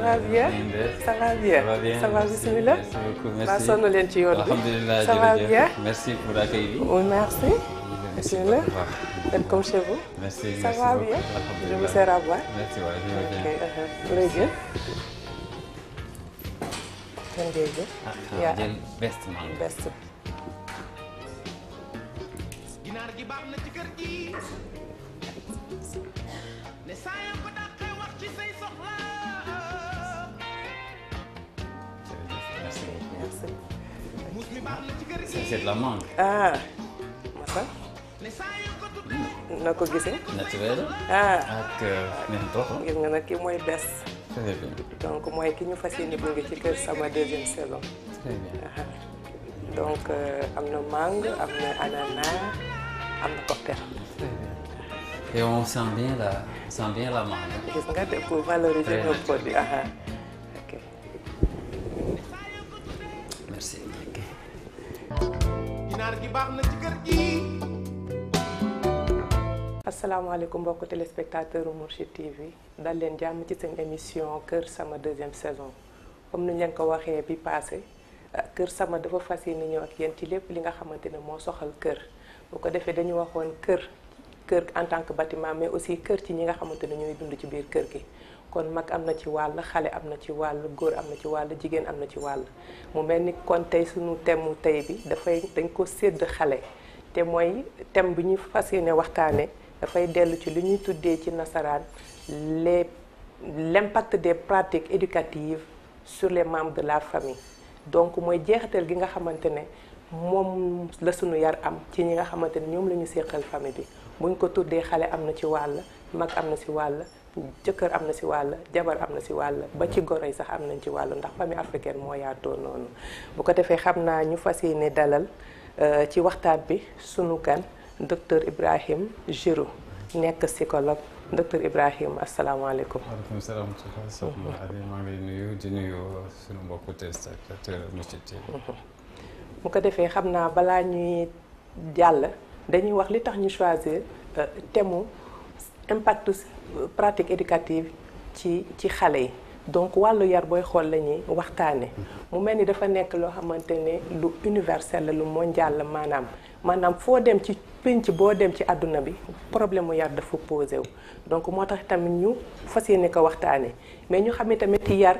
va bien ça va bien ça va bismillah merci sonn leen ci yoon bi ça va bien merci pour l'accueil bi merci bismillah êtes comme chez vous merci ça va bien je vous sers à boire merci waaw je jël yaa jël best best ginaar gi baax na ci kër gi ne saa yoo ko dàqee wax ci say soxla sëkk. seen la manque. ah masal. na ko gisee. naturel. Ah. ak nen euh, gis nga nag mooy bes. très bien donc mooy ki ñu fas yéene gunge ci kër sama deuxième saison. très bien. Ah. donc euh, am na mangue am na ananas am na cocktail. très bien et on sent bien la on sent bien la mangue. gis nga de pour merci ginaar gi baax na ci kër gi asalaamaaleykum mbokk téléspectateur u Mourchid TV dal leen jàmm ci seen émission kër sama deuxième saison comme ni leen ko waxee bi passé euh, kër sama dafa fas yéene ñëw ak yéen ci lépp li nga xamante ne moo soxal kër boo ko defee dañu waxoon kër kër gi en tant que bâtiment mais aussi kër ci ñi nga xamante ne ñooy dund ci biir kër gi kon mag am na ci wàll xale am na ci wàll góor am na ci wàll jigéen am na ci wàll mu mel ni kon tey suñu thème tey bi dafay dañ ko sédd xale te mooy thème bi ñuy fas yéene waxtaane dafay dellu ci li ñuy tuddee ci nasaraan les l'impact des pratiques éducatives sur les membres de la famille donc mooy jeexital gi nga xamante ne moom la suñu yar am ci ñi nga xamante ne ñoom la ñu séqal famille bi buñ ko tuddee xale am na ci wàll mag am na ci wàll jëkkër am na si wàll jabar am na si wàll ba ci goro yi sax am nañ ci wàll ndax famille africaine moo yaatoo noonu bu ko defee xam naa ñu fas yéene dalal euh, ci waxtaan bi sunu kan docteur Ibrahim Jiro nekk psychologue docteur Ibrahim asalaamaaleykum. waaleykum salaam wa mm-hmm. mm-hmm. ko defee xam naa balaa ñuy jàll dañuy wax li tax ñu choisir euh, thème impact pratique éducative ci ci xale yi donc wàllu yar booy xool la ñuy waxtaane mu mel ni dafa nekk loo xamante ne lu universel la lu mondial la maanaam maanaam foo dem ci pénc boo dem ci àdduna bi problème mu yar dafa posé wu donc moo tax tamit ñu fas yéene ko waxtaane mais ñu xam ne tamit yar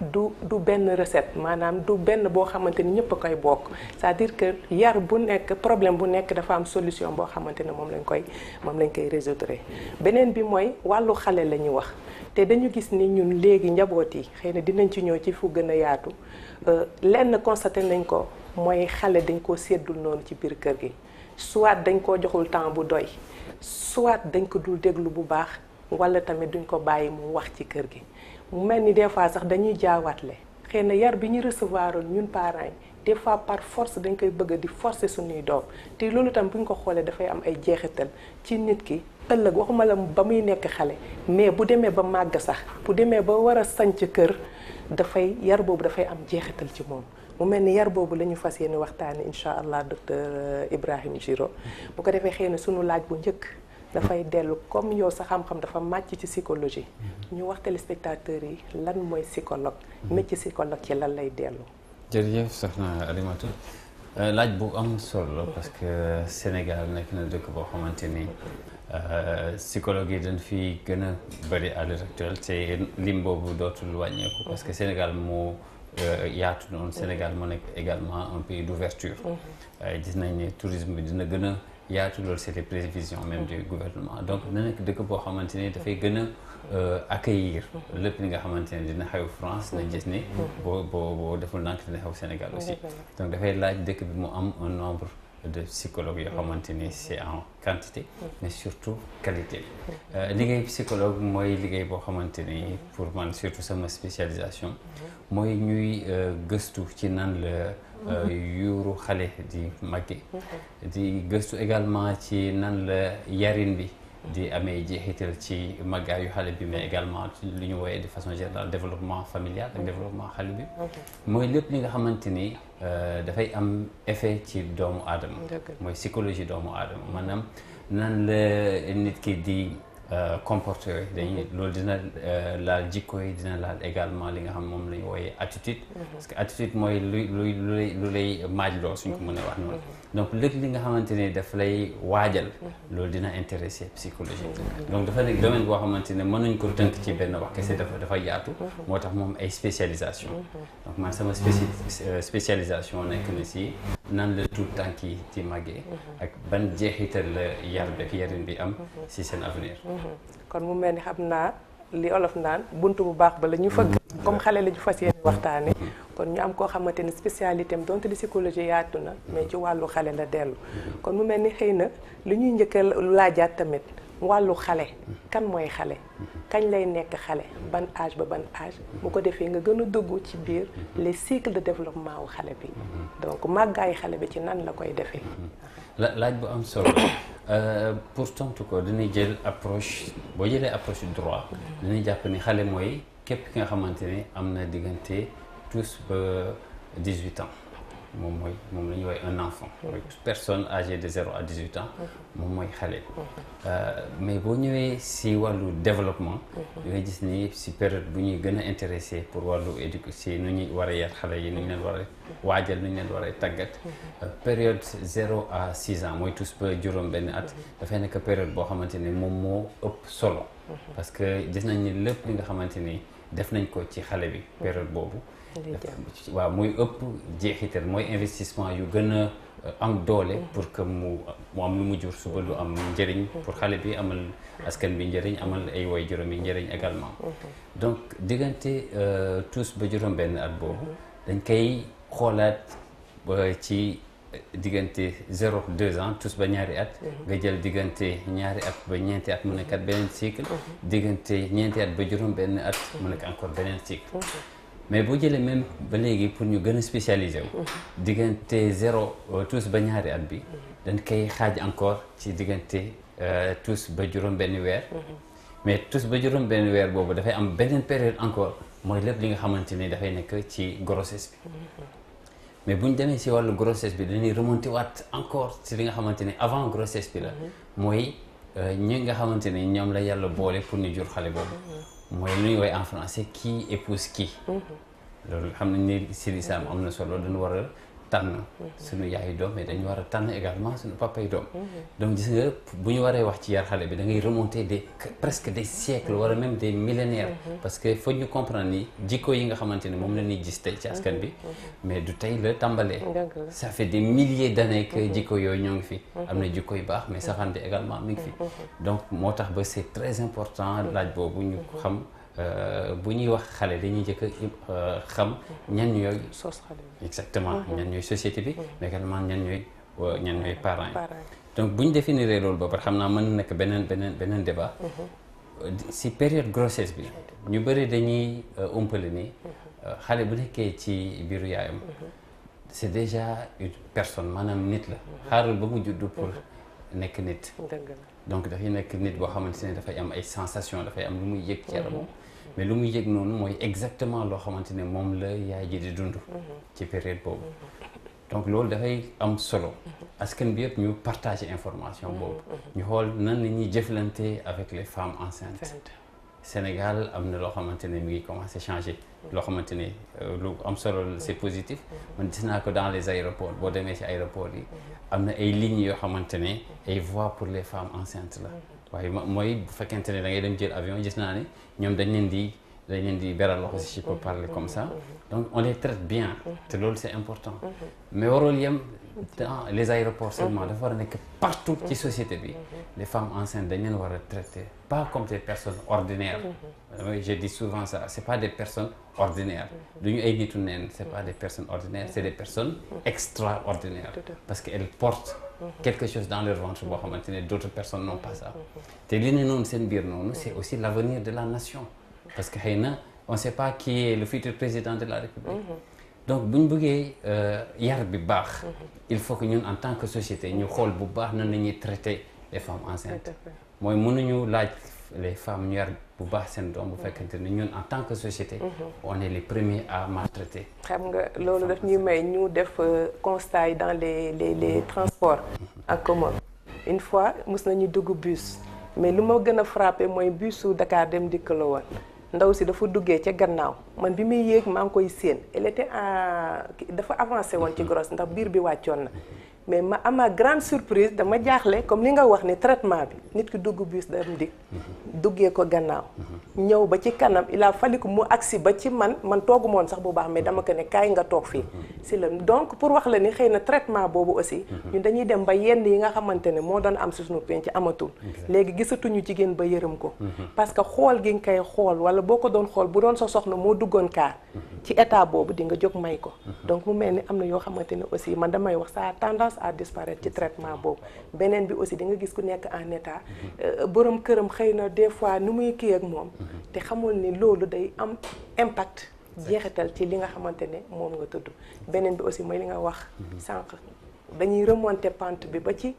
du du benn recette maanaam du benn boo xamante ni ñëpp a koy bokk c'est-à-dire que yar bu nekk problème bu nekk dafa am solution boo xamante ne moom lañ koy moom lañ koy résoudre beneen bi mooy wàllu xale la ñuy wax te dañu gis ni ñun léegi njaboot yi xëy na dinañ ci ñëw ci fu gën a yaatu euh, lenn constaté nañ ko mooy xale dañ ko seddul noonu ci biir kër gi soit dañ koo joxul temps bu doy soit dañ ko dul déglu bu baax wala tamit duñ ko bàyyi mu wax ci kër gi mu mel ni des fois sax dañuy jaawaatle xëy na yar bi ñu recevoir ñun parents yi des fois par force dañ koy bëgg di forcer suñuy doom te loolu tam bu ñu ko xoolee dafay am ay jeexital ci nit ki ëllëg waxuma la ba muy nekk xale mais bu demee ba màgg sax bu demee ba war a sanc kër dafay yar boobu dafay am jeexital ci moom mu mel ni yar boobu la ñu fas yéene waxtaane incha allah docteur Ibrahim Giro bu ko defee xëy na suñu laaj bu njëkk dafay dellu comme yow sa xam-xam dafa màcc ci psychologie mhm. ñu wax téléspectateurs yi lan mooy psychologue mhm. métier psychologue ci lan lay dellu jërëjëf soxna Alimatu euh, laaj bu am solo parce que Sénégal nekk na dëkk boo xamante ni euh, psychologue yi dañ fi gën a bëri à l'heure actuelle te lim boobu dootul wàññeeku parce que mhm. Sénégal moo euh, yaatu noonu Sénégal moo nekk également un pays d'ouverture gis nañ ne tourisme bi dina gën a yaatu loolu c'était prévision même du mhm. gouvernement donc na dëkk boo xamante ne dafay gën a euh, accueillir mhm. lépp li nga xamante ne dina xew France nañ gis ni mhm. boo boo deful nank dina xew Sénégal aussi donc dafay laaj dëkk bi mu am un nombre de psychologues yoo xamante ni c'est en quantité mais surtout qualité bi euh, liggéey psychologue mooy liggéey boo xamante ni pour man surtout sama spécialisation mooy ñuy euh, gëstu ci nan la Euh, yuuru xale di màgge di gëstu également ci nan la yarin bi di amee jeexital ci màggaayu xale bi mais également lu ñu wooyee de façon générale développement familial ak mm-hmm. développement xale bi mooy lépp li nga xamante ni euh, dafay am effet ci doomu aadama mooy psychologie doomu aadama maanaam nan la nit ki di Euh, comporte yooyu dañuy mhm. loolu dina euh, laal jikko yi dina laal également li nga xam moom la ñu wooyee attitude mhm. parce que attitude mooy luy luy lu lay lu lay maajloo suñ ko mën a wax noonu mhm. donc lépp li nga xamante ne daf lay waajal loolu dina intéressé psychologie donc dafa nekk domaine boo xamante ne mën nañ ko tënk ci benn wax kese dafa dafa yaatu moo tax moom ay spécialisation donc man sama euh, spécialisation nekk na si nan la tout tànk yi ci maggee ak ban jeexital la yar beeg yarin bi am si seen avenir kon mu mel ni xam naa li olof naan bunt bu baax ba la ñu fëgg comme xale la ñu fas yéene waxtaane kon ñu am koo xamante ni spécialité am donte di psychologie yaatu na mais ci wàllu xale la dellu kon mu mel ni xëy na li ñuy njëkk a laajaat tamit wàllu xale kan mooy xale kañ lay nekk xale ban âge ba ban âge bu ko defee nga gën a dugg ci biir les cycles de développement wu xale bi donc màggaayu xale bi ci nan la koy defee laaj bu am solo euh, pour tontu ko dañuy jël approche boo jëlee approche droit dañuy jàpp ni xale mooy képp ki nga xamante ni am na diggante tous ba dix-huit ans moom mooy moom la ñuy woowee un enfant. Mm-hmm. mooy personne age de zéro à dix huit ans. Mm-hmm. moom mooy xale. Mm-hmm. Euh, mais boo ñëwee si wàllu développement. nga gis nii si période bu ñuy gën a intéressé pour wàllu éducation si nu ñuy war a yar xale yi nu ñu leen war a waajal nu ñu leen war a tàggat. Euh, période zéro à six ans mooy tous ba juróom-benn at. dafay nekk période boo xamante ni moom moo ëpp solo. parce que gis nañ ni lépp li nga xamante ni def nañ ko ci xale bi période boobu. waaw muy ëpp jeexital mooy investissement yu gën a euh, am doole pour que mu mu am lu mu jur suba lu am njëriñ pour xale bi amal askan bi njëriñ amal ay way juróomi njëriñ également donc diggante euh, tous ba juróom benn at boobu dañ koy xoolaat ci diggante zéro deux ans tous ba ñaari at nga jël diggante ñaari at ba ñeenti at mu nekk at beneen cycle diggante ñeenti at ba juróom benn at mu nekk encore beneen cycle mais boo jëlee même ba léegi pour ñu gën a spécialisé wu. diggante zéro euh, tous ba ñaari at bi. dañ koy xaaj encore ci diggante euh, tous ba juróom-benn weer. mais tous ba juróom-benn weer boobu dafay am beneen période encore mooy lépp li nga xamante ni dafay nekk ci grossesse bi. mais bu ñu demee si wàllu grossesse bi dañuy remonté waat encore si li nga xamante ni avant grossesse bi la. Mhm. mooy euh, ñi nga xamante ni ñoom la yàlla boole pour ñu jur xale boobu. mooy lu ñuy woy en français qui épouse qui. Mm-hmm. loolu xam nañ ne ci lislaam am na solo dañu war a tànn suñu yaayu doom mais dañu war a tànn également suñu papay doom mhm. donc gis nga bu ñu waree wax ci yar bi da remonter des presque des siècles wala même des millénaires mhm. parce que faut ñu comprendre ni jikko yi nga xamante moom la ñuy gis tey ci askan bi mhm. mais du tey la tàmbalee ça fait des milliers d'années que jikko yooyu ñoo ngi fi am na jikko yu baax mais saxaan bi également mi ngi fi donc moo tax ba c'est très important laaj boobu ñu xam Euh, bu ñuy wax xale dañuy njëkk a euh, xam ñan ñooy sos xale bi exactement mhm. société bi mhm. mais également ñan ñooy euh, ñan ñooy parents yi donc bu ñu définiree loolu ba pare xam naa mën na nekk beneen beneen beneen débat mhm. si période grossesse bi ñu bëri dañuy umpale ni xale bu nekkee ci biiru yaayam c'est déjà une personne maanaam nit la xaarul ba mu juddu pour nekk nit donc dafay nekk nit boo xamante ne dafay am ay sensation dafay am lu muy yëg ci yaramam mais lu muy yëg noonu mooy exactement loo xamante ne moom la yaay ji di dund. ci période boobu. donc loolu dafay am solo. askan bi yëpp ñu partager information boobu. ñu xool nan ni ñuy jëflante avec les femmes enceintes. Sénégal am na loo xamante ne mi ngi commencé changer. loo xamante ne euh, lu am solo c'est positif. man gis naa ko dans les aéroports boo demee ci aéroports yi. am na ay lignes yoo xamante ne ay voies pour les femmes enceintes la. waaye mooy bu fekkente ne da ngay dem jël avion gis naa ne ñoom dañ leen di dañ leen di beral loxo si je peux parler comme ça donc on les traite bien te loolu c'est important mais warul yem dans les aéroports seulement dafa war a nekk partout ci société bi les femmes enceintes dañ leen war a traiter pas comme des personnes ordinaires je dis souvent ça c'est pas des personnes ordinaires du ñu ay nitu neen c'est pas des personnes ordinaires c'est des personnes parce que elles Mhm. quelque chose dans leur ventre boo xamante ne d' autres personnes n'ont pas ça mhm. Mhm. te li ne noonu seen biir noonu c' aussi l' de la nation parce que xëy na on sait pas qui est le futur président de la république donc bu ñu bëggee euh, yar bi baax il faut que ñun en tant que société ñu xool bu baax nan la ñuy traiter les femmes enceintes mooy mënuñu laaj les femmes yar bu baax seen doom bu mm-hmm. fekkante ni ñun en tant que société. Mm-hmm. on est les premiers à maltraiter. xam nga loolu daf ñuy may ñu def euh, constat yi dans les les mm-hmm. transport ak en une fois mës nañu dugg bus mais lu ma gën a frappé mooy busu Dakar dem dikk la woon ndaw si dafa duggee ca gannaaw man bi muy yéeg maa ngi koy séen elle était dafa avancé woon ci grosse ndax biir bi wàccoon na. mais ma ama grande surprise dama jaaxle comme li nga wax ni traitement bi nit ki dugg bus dem dik duggee ko gannaaw ñëw ba ci kanam il a fallu que mu agsi ba ci man man toogu moon sax bu baax mais dama ko ne kaay nga toog fii si la donc pour wax la ni xëy na traitement boobu aussi ñun dañuy dem ba yenn yi nga xamante ne moo doon am si suñu penc amatul léegi gisatuñu jigéen ba yërëm ko parce que xool gi nga koy xool wala boo ko doon xool bu doon sa soxna moo duggoon kaar ci état boobu di nga jóg may ko mhm. donc mu mel am na yoo xamante ne aussi man damay wax sa tendance à disparaître ci traitement boobu beneen bi aussi di nga gis ku nekk en état euh, borom këram xëy na des fois nu muy kii ak moom te xamul ni loolu day am impact jeexital ci li nga xamante ne moom nga tudd beneen bi aussi mooy li nga wax sànq dañuy remonter pente bi ba ci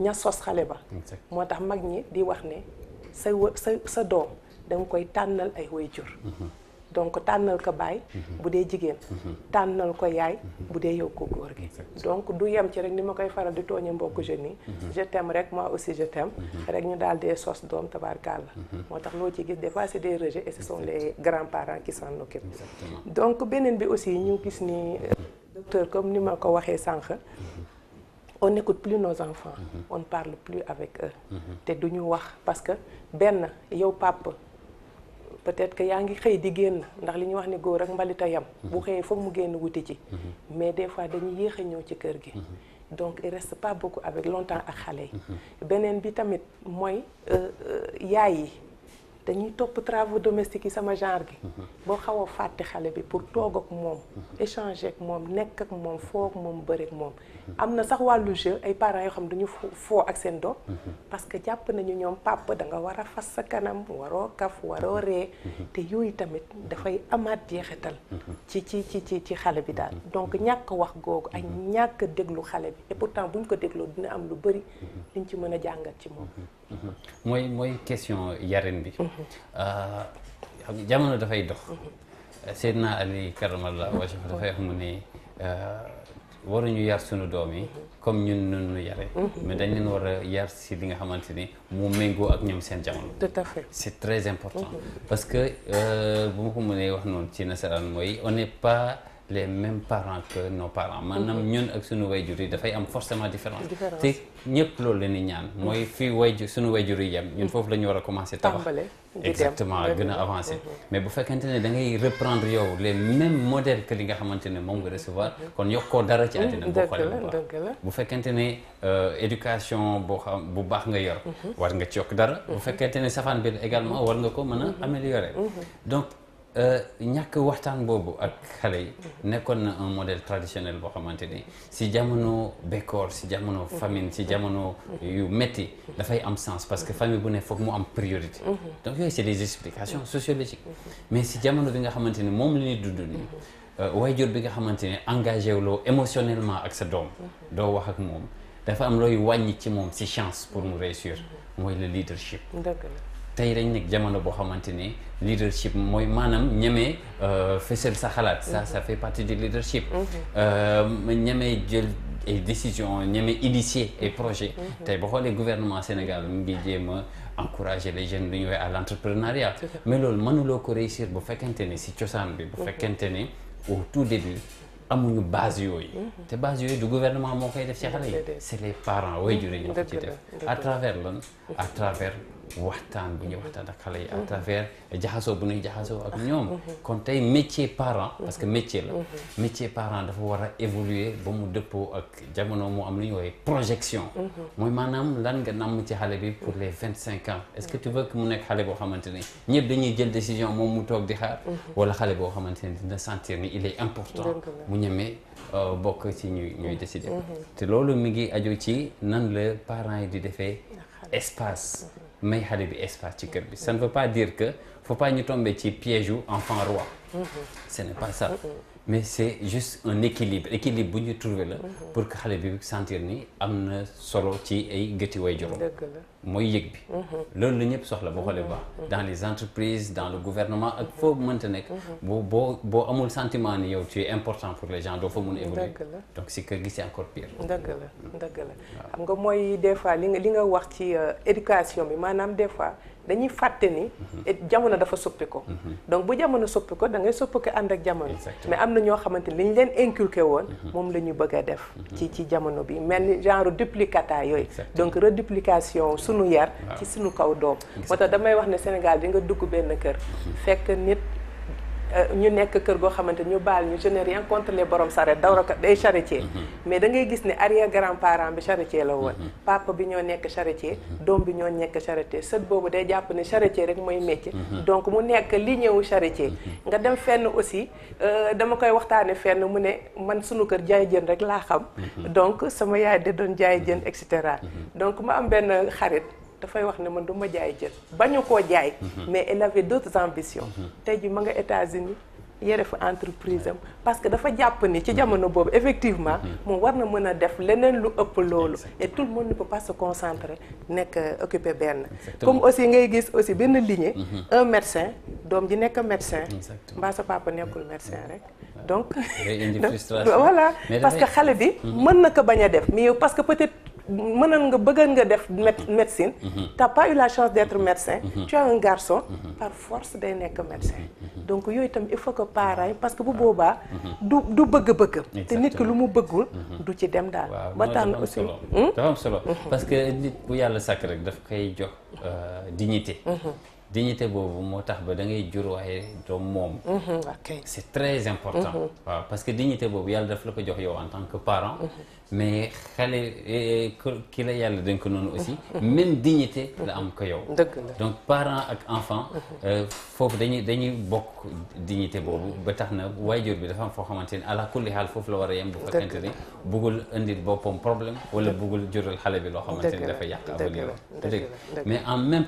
ña sos xale ba moo tax mag ñi di wax ne sa sa sa doom danga koy tànnal ay waajur mhm. donc tànnal ko baay mhm. bu dee jigéen mhm. tànnal ko yaay mhm. bu dee yow ko góor gi donc du yem ci rek ni ma koy faral di tooñe mbokk jeunes nii je t'aime rek moi aussi je t'aime rek ñu daal dee sos doom tabarkàlla moo tax loo ci gis des fois c'est des rejets et ce sont les grands-parents qui s'en occupent donc beneen bi aussi ñu gis ni euh, docteur comme ni ma ko waxee sànq on n'écoute plus nos enfants on parle plus avec eux te duñu wax parce que benn yow papa peut-être que yaa ngi xëy di génn ndax li ñuy wax ni góor ak mbalita yam bu mhm. xëyee foog mu génn wuti ci mhm. mais des fois dañuy yéex a ñëw ci kër gi mhm. donc il reste pas ko avec longtemps ak xale yi beneen bi tamit mooy euh, euh, yaay yi dañuy topp travaux domestiques yi sama genre gi mhm. boo xaw a fàtte xale bi pour toog ak moom mhm. échanger ak moom nekk ak moom foo ak moom bëri ak moom mhm. am na sax wàllu jeu ay parents yoo xam dañu foo ak seen doom parce que jàpp nañu ñoom papa danga war a fas sa kanam waroo kaf waroo ree te yooyu tamit dafay amaat jeexital ci ci ci ci ci xale bi daal donc ñàkk wax googu ak ñàkk déglu xale bi et pourtant buñ ko dégloo dina am lu bëri luñ ci mën a jàngat ci moom Mm-hmm. mooy mooy question yaren bi mm-hmm. euh, jamono dafay dox mm-hmm. Seydina Ali karamallahu wajhahu dafay wax mu ne euh, waruñu yar sunu doom yi comme ñun nun ñu mais dañ leen war a yar si li nga xamante ni mu méngoo ak ñoom seen jamono c'est très important parce que euh, bu ma ko mënee wax noonu ci nasaraan mooy on n'est pas les mêmes parents que nos parents maanaam mhm. ñun ak suñu wayjur yi dafay am forcément différence te ñëpp loolu la ñuy ñaan mooy fi fii wayjur way jur yi yem ñun mhm. foofu la war a commencer tabax exactement mhm. gën a avancé mais bu fekkente ne da ngay reprendre yow les mêmes modèles que li nga xamante ne moom nga recevoir kon yokkoo dara ci àddina boo xoolee bu baax bu fekkente ne euh, éducation boo xam bu baax nga yor war nga ci yokk dara bu fekkente ne safaan bi également war nga ko mën a améliorer Euh, ñàkk waxtaan boobu ak xale yi nekkoon na un modèle traditionnel boo xamante ni si jamono bekkoor si jamono famine si jamono yu metti dafay am sens parce que famille bu ne foog mu am priorité donc yooyu c'est des explications sociologiques mais si jamono bi nga xamante ni moom la ñuy dund nii euh, waajur bi nga xamante ni engagé wu loo émotionnellement ak sa doom doo wax ak moom dafa am looy wàññi ci moom si chance pour mu réussir mooy le leadership tey dañ nekk jamono boo xamante ne leadership mooy maanaam ñemee euh, feseel sa xalaat ça ça fait partie du leadership mhm. euh, ñemee jël ay décision ñemee initier et projet mhm. tey boo xoolee gouvernement Sénégal mu ngi jéem a encourager les jeunes lu ñu woowee à l'entrepreneuriat mais loolu mënuloo ko réussir bu fekkente ne si cosaan bi bu mhm. fekkente ne au tout début amuñu base yooyu te base yooyu du gouvernement moo koy def ci xale yi c'est les parents way jure ñoo ko ci def à travers lan à travers waxtaan bu ñuy mhm. waxtaan ak xale yi à mhm. travers jaxasoo bu nuy jaxasoo ak ah, ñoom mhm. kon tey métier parent parce que métier la métier parent dafa war a évoluer ba mu dëppoo ak jamono mu am lu ñu woowee projection mooy maanaam lan nga namm ci xale bi pour les vingt cinq ans est que tu veux mu nekk xale boo xamante ni ñëpp dañuy jël décision moom mu toog di xaar wala xale boo xamante ni dina sentir ni il est important mu ñemee euh, bokk ci ñuy ñuy décider te loolu mi ngi aju ci nan la parent yi di defee espace may xale bi espace ci kër bi ça ne veut pas dire que faut pas ñu tomber ci piège u enfant roi mm-hmm. ce n'est pas ça mm-hmm. mais c'est juste un équilibre équilibre bu ñu trouvé la pour que xale bi sentir ni am na solo ci ay gëti way juróom mooy yëg bi mhm. loolu la ñëpp soxla boo xoolee baax mhm. dans les entreprises dans le gouvernement ak foo mënta nekk mhm. boo boo amul sentiment ni yow tu important pour les gens doo fa mun a évoluer donc si kër gi encore pire dëgg la dëgg la xam nga mooy des li nga wax ci euh, éducation bi maanaam des dañuy fàtte ni mhm. jamono dafa soppi ko mhm. donc bu jamono soppi ko da ngay soppi ko ànd ak jamono mais am na ñoo xamante ni li leen inculqué woon mhm. moom la ñu bëgg a def ci ci jamono bi mel ni genre duplicata yooyu donc reduplication sunu yar ci suñu kaw doom moo tax damay wax ne Sénégal bi nga dugg benn kër fekk nit Euh, ñu nekk kër goo xamante ñu baal ñu je n'ai rien contre les borom saret dawrakat day charretier mm-hmm. mais da ngay gis ni arrière grand parent bi charretier la woon mm-hmm. papa bi ñoo nekk charretier mm-hmm. doom bi ñoo nekk charretier sët boobu day jàpp ne charretier rek mooy métier donc mu nekk lignée wu charretier nga dem fenn aussi euh, dama koy waxtaane fenn mu ne man sunu kër jaay jën rek laa xam donc sama yaay de doon jaay jën et cetera donc mu am benn xarit dafay wax ne man du ma jaay jën bañu koo jaay mhm. mais elle avait d'autres ambitions mhm. tey ji ma nga États-Unis yore fa entreprise parce que dafa jàpp ni ci mhm. jamono boobu effectivement moom war na mën a def leneen lu ëpp loolu et tout le monde ne peut pas nekk euh, occupé benn comme aussi ngay gis aussi benn lignée un médecin doom ji nekk médecin mbaa sa papa nekkul médecin rek donc voilà parce que xale bi mën na ko bañ a def mais parce que peut-être mënoon nga bëgg nga def mm-hmm. médecine. Mm-hmm. t'as pas eu la chance d'être mm-hmm. médecin. tu un garçon. par force day nekk médecin. donc yooyu itam il faut que parents parce que bu boobaa. du du bëgg-bëgg. te nit ki lu mu bëggul. du ci dem daal. ba tànn aussi hmm? dafa am solo parce que nit bu yàlla sàkk rek daf koy jox euh, dignité. dignité boobu moo tax ba da ngay jur waaye doom moom mhm, ok c'est très important mhm. parce que dignité boobu yàlla daf la ko jox yow en tant que parent mhm. mais xale eh, ki la yàlla dénk noonu aussi même dignité la am ko yow donc parent ak enfant euh, foofu dañuy dañuy bokk dignité boobu ba tax na waajur bi dafa am foo xamante ni ala kulli xaal foofu la war a yem bu fekkente ni buggul indil boppam problème wala buggul jural xale bi loo xamante dafa yàq avenir mais en même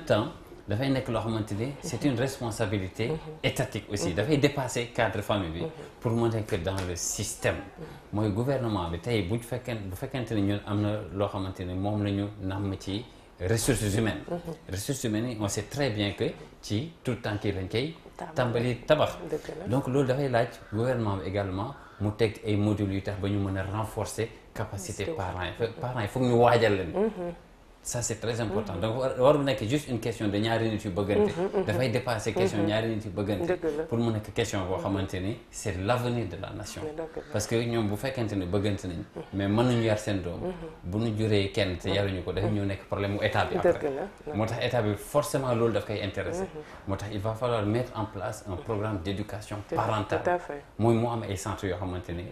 dafay nekk loo xamante ne c'est une responsabilité mhm. étatique aussi mhm. dafay dépasser cadre famille bi mhm. pour montrer que dans le système mooy gouvernement bi tey bu fekkee bu fekkente ne ñun am na loo xamante ne moom la ñu namm ci ressources humaines ressources humaines yi on sait très bien que ci tout temps kii lañ koy tàmbali tabax donc loolu dafay laaj gouvernement bi également mu teg ay modules yu tax ba ñu mën a renforcer capacité parents yi parents yi ñu waajal leen ça c' est très mhm. important donc warul nekk juste une question de ñaari nit yu bëggante mhm, mhm. dafay dépasser question ñaari nit yu bëggante pour mu nekk question boo xamante ni c' de la nation parce que ñoom bu fekkente ne bëggante nañ mais mënuñu yar seen doom bu ñu juree kenn te yaruñu ko dafay ñëw nekk problème mu état bi après moo tax état bi forcément loolu daf koy intéressé moo tax il va falloir mettre en place un programme d' éducation mooy mu ay centres yoo xamante ni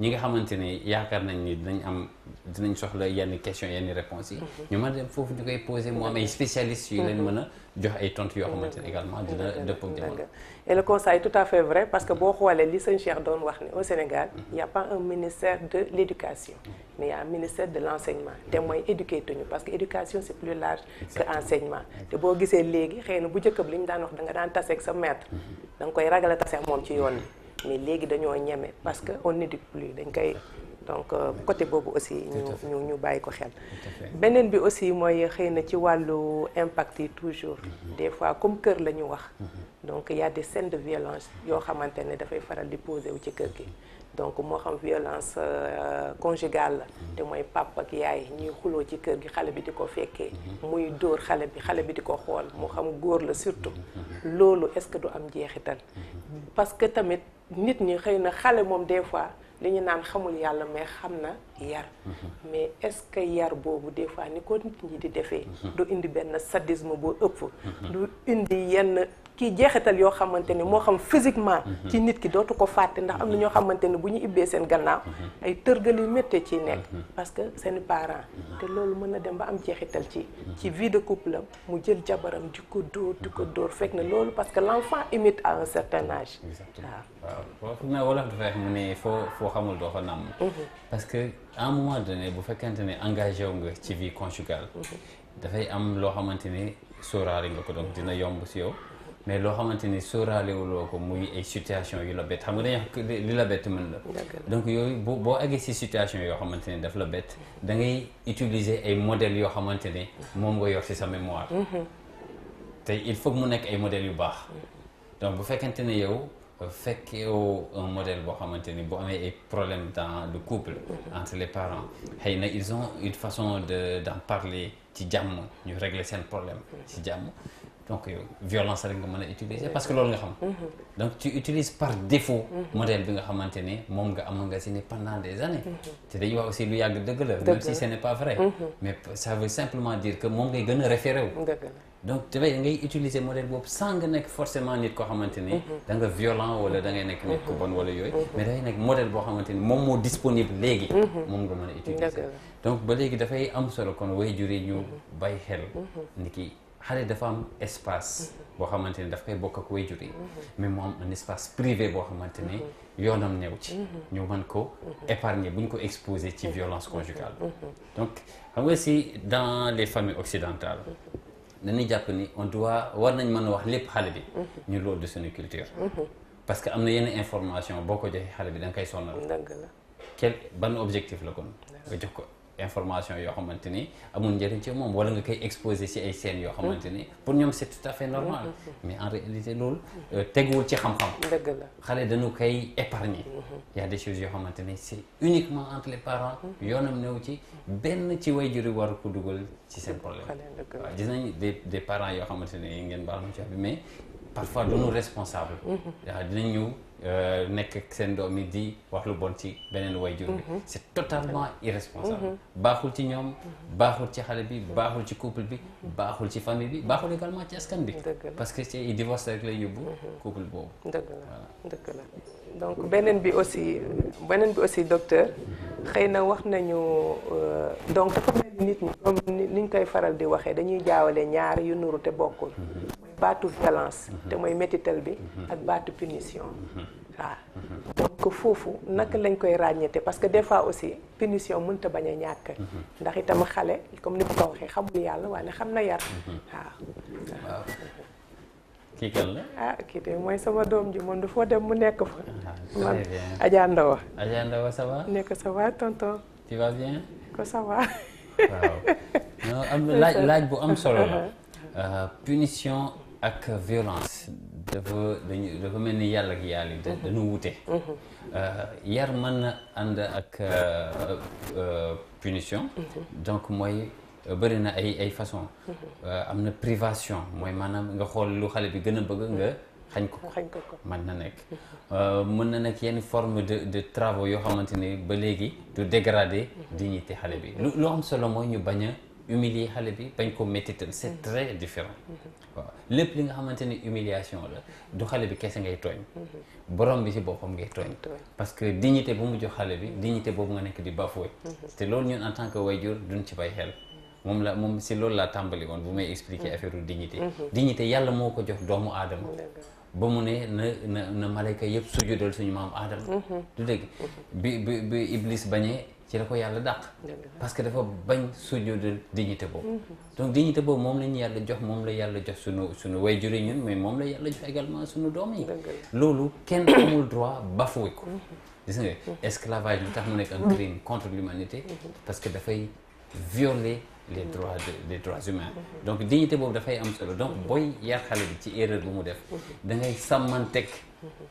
ñi nga xamante ni yaakaar nañ ni dinañ am dinañ soxla yenn question yenn réponses yi ñu mën a dem foofu ñu koy posé moom am ay spécialistes yu leen mhm. mën a jox ay tontu yoo xamante ne mhm. également dina dëpp ak jamono et le constat tout à fait vrai parce que boo mhm. xoolee li sëñ Cheikh doon wax ni au Sénégal il a pas un ministère de l'éducation mais il y a un ministère de l'enseignement te mooy éduquer tuñu parce que éducation c'est plus large que enseignement te boo gisee léegi xëy na bu njëkk li ñu daan wax da nga daan tase ak sa maître da koy ragal a moom ci yoon bi mais léegi dañoo ñeme parce que on n'éduque plus dañ koy donc euh, côté boobu aussi ñu ñu bàyyi ko xel beneen bi aussi mooy xëy na ci wàllu impact yi toujours mhm. des fois comme kër la ñu wax mhm. donc y a des de violence yoo xamante ne dafay faral di poser wu ci kër gi donc moo xam violence euh, conjugale la te mooy papa ak yaay ñuy xuloo ci kër gi xale bi di ko fekkee muy dóor xale bi xale bi di ko xool moo xam góor la surtout loolu est-ce que du am jeexital parce que tamit nit ñi xëy na xale moom des fois li ñu naan xamul yàlla mais xam na yar mais est-ce que yar boobu des fois ni ko nit ñi di defee du indi benn sadisme boo ëpp du indi yenn kii jeexital yoo xamante ne moo xam physiquement mhm. ci nit ki dootu ko fàtte ndax am na ñoo mhm. xamante ne bu ñu ibbee seen gannaaw mhm. ay tërgal yu méttee ci nekk parce que seen parent te loolu mën na dem ba am jeexital ci ci vie de couple am mu jël jabaram di ko dóor di ko dóor fekk na loolu parce que l'enfant imite à un certain âge waaw foog xam ne foo foo xamul doo ko nàmm parce que à un moment donné bu fekkente ne engagé wu nga ci vie conjugale dafay am loo xamante ne sóoraale nga ko donc dina yomb si mais loo xamante ni sóoraalewuloo ko muy ay situation yu la bett xam nga dañuy wax li la bett mën la donc yooyu boo boo àggee si situation yoo xamante ne daf la bett dangay ngay ay modèles yoo xamante ne moom nga yor si sa mémoire mhm. te il faut mu nekk ay modèles yu baax donc bu fekkente ne yow fekkewoo un modèle boo xamante ni boo amee problème dans le couple entre les parents xëy na ils ont une façon de d'en parler ci jàmm ñu régler seen problème ci jàmm donc yow euh, violence rek nga mën a utiliser parce que loolu nga xam mm-hmm. donc tu utilises par défaut mm-hmm. modèle bi nga xamante ni moom nga am nga si ni pendant des années mm-hmm. te dañuy wax aussi lu yàgg dëgg la même si ce n'est pas vrai mais ça veut simplement dire que moom ngay gën a référé wu donc dafay da ngay utiliser modèle boobu sans nga nekk forcément nit koo xamante ni. Mhm. da nga violent wala da ngay nekk nit ku mhm. bon wala yooyu. Mhm. mais dafay nekk modèle boo xamante ni moom moo disponible léegi. moom nga mën a utiliser. donc ba léegi dafay am solo kon waajur yi ñu bàyyi xel. ni ki xale dafa am espace. boo xamante ni daf koy bokk ak waajur yi. mais mu am un espace privé boo xamante ni yoonam néew ci. ñu mën ko épargner bu ñu ko exposer ci violence conjugale. donc xam nga si dans les familles occidentales. dañuy jàpp ni ont waa war nañ mën a wax lépp xale bi mhm. ñu loolu de suñu culture mhm. parce que am na yenn information boo ko joxee xale bi da nga koy sonnal dëgg la quel ban objectif la kon nga jox ko information yoo xamante ni amul njëriñ ci moom wala nga koy exposé si ay scènes yoo xamante ni pour ñoom c'est tout à fait normal mm-hmm. Mm-hmm. mais en réalité loolu euh, teguwul ci xam-xam dëgg xale dañu kay épargner mm-hmm. y a des choses yoo xamante ni c'est uniquement entre les parents yoonam new ci benn ci way juri waru ko dugal ci seen problème waaw gis nañ des des parents yoo xamante ni ngeen baal ma ci wax bi mais parfois duñu responsable waaw dinañ ñëw Euh, nekk ak seen doom yi di wax lu bon ci beneen wayjur bi mhm. c'est totalement irresponsable mhm. baaxul ci ñoom mhm. baaxul ci xale bi baaxul ci couple bi baaxul ci famille bi baaxul également ci askan bi parce que ci divorce rek lay yóbbu couple boobu dëgg la la donc beneen bi aussi beneen bi aussi docteur xëy na wax nañu euh, donc dafa ni nit ñi koy faral di waxee dañuy jaawale ñaar yu nuru te bokkul baatu violence mhm. te mooy métital bi mhm. ak baatu punition mhm. waaw donc foofu naka lañ koy ràññeete parce que des fois aussi punition mënta bañ a ñàkk ndax itam xale comme ni mu ko waxee xamul yàlla waaye xam na yar waaw kii kan la ah kii de mooy sama doom ji moom du foo dem mu nekk fa ah, man Adja Ndawa Adja Ndawa ça va nekk ça va bien ko ça va laaj laaj bu am solo la uh-huh. euh, ak violence dafa dañu dafa mel ni yàlla ak yàlla yi dañu wute euh, yar man na ànd ak euh, euh, punition donc mooy bëri na ay ay façon am na privation mooy maanaam nga xool lu xale bi gën a bëgg nga xañ ko ko mën na nekk mën na nekk yenn forme de de travaux yoo xamante ni ba léegi du dégrader dignité xale bi lu am solo ñu bañ humilier xale bi bañ ko méttital c' mhm. très différent mhm. waaw lépp li nga xamante ni humiliation la du xale bi kese ngay tooñ mhm. borom bi si boppam ngay tooñ parce que dignité ba mu jox xale bi dignité boobu nga nekk di bafoué te loolu ñun en tant que way wayjur duñ ci bay xel moom la moom si loolu laa tàmbali woon bu may expliquer affaire u dignité dignité yàlla moo ko jox doomu aadama ba mu ne na na na malayka yëpp sujudal suñu maam aadama du dégg bi bi ci la ko yàlla dàq parce que dafa bañ su sujjóotal dignité boobu mhm. donc dignité boobu moom la ñu yàlla jox moom la yàlla jox sunu sunu waajur yi ñun mais moom la yàlla jox également sunu doom yi loolu kenn amul droit bafoué ko mhm. gis nga mhm. esclavage lu tax mu nekk un crime contre l'humanité parce que dafay violer les mm. droits de les droits mm-hmm. humains donc dignité boobu dafay am solo donc mm-hmm. booy yar xale bi ci erreur bu mu def mm-hmm. da ngay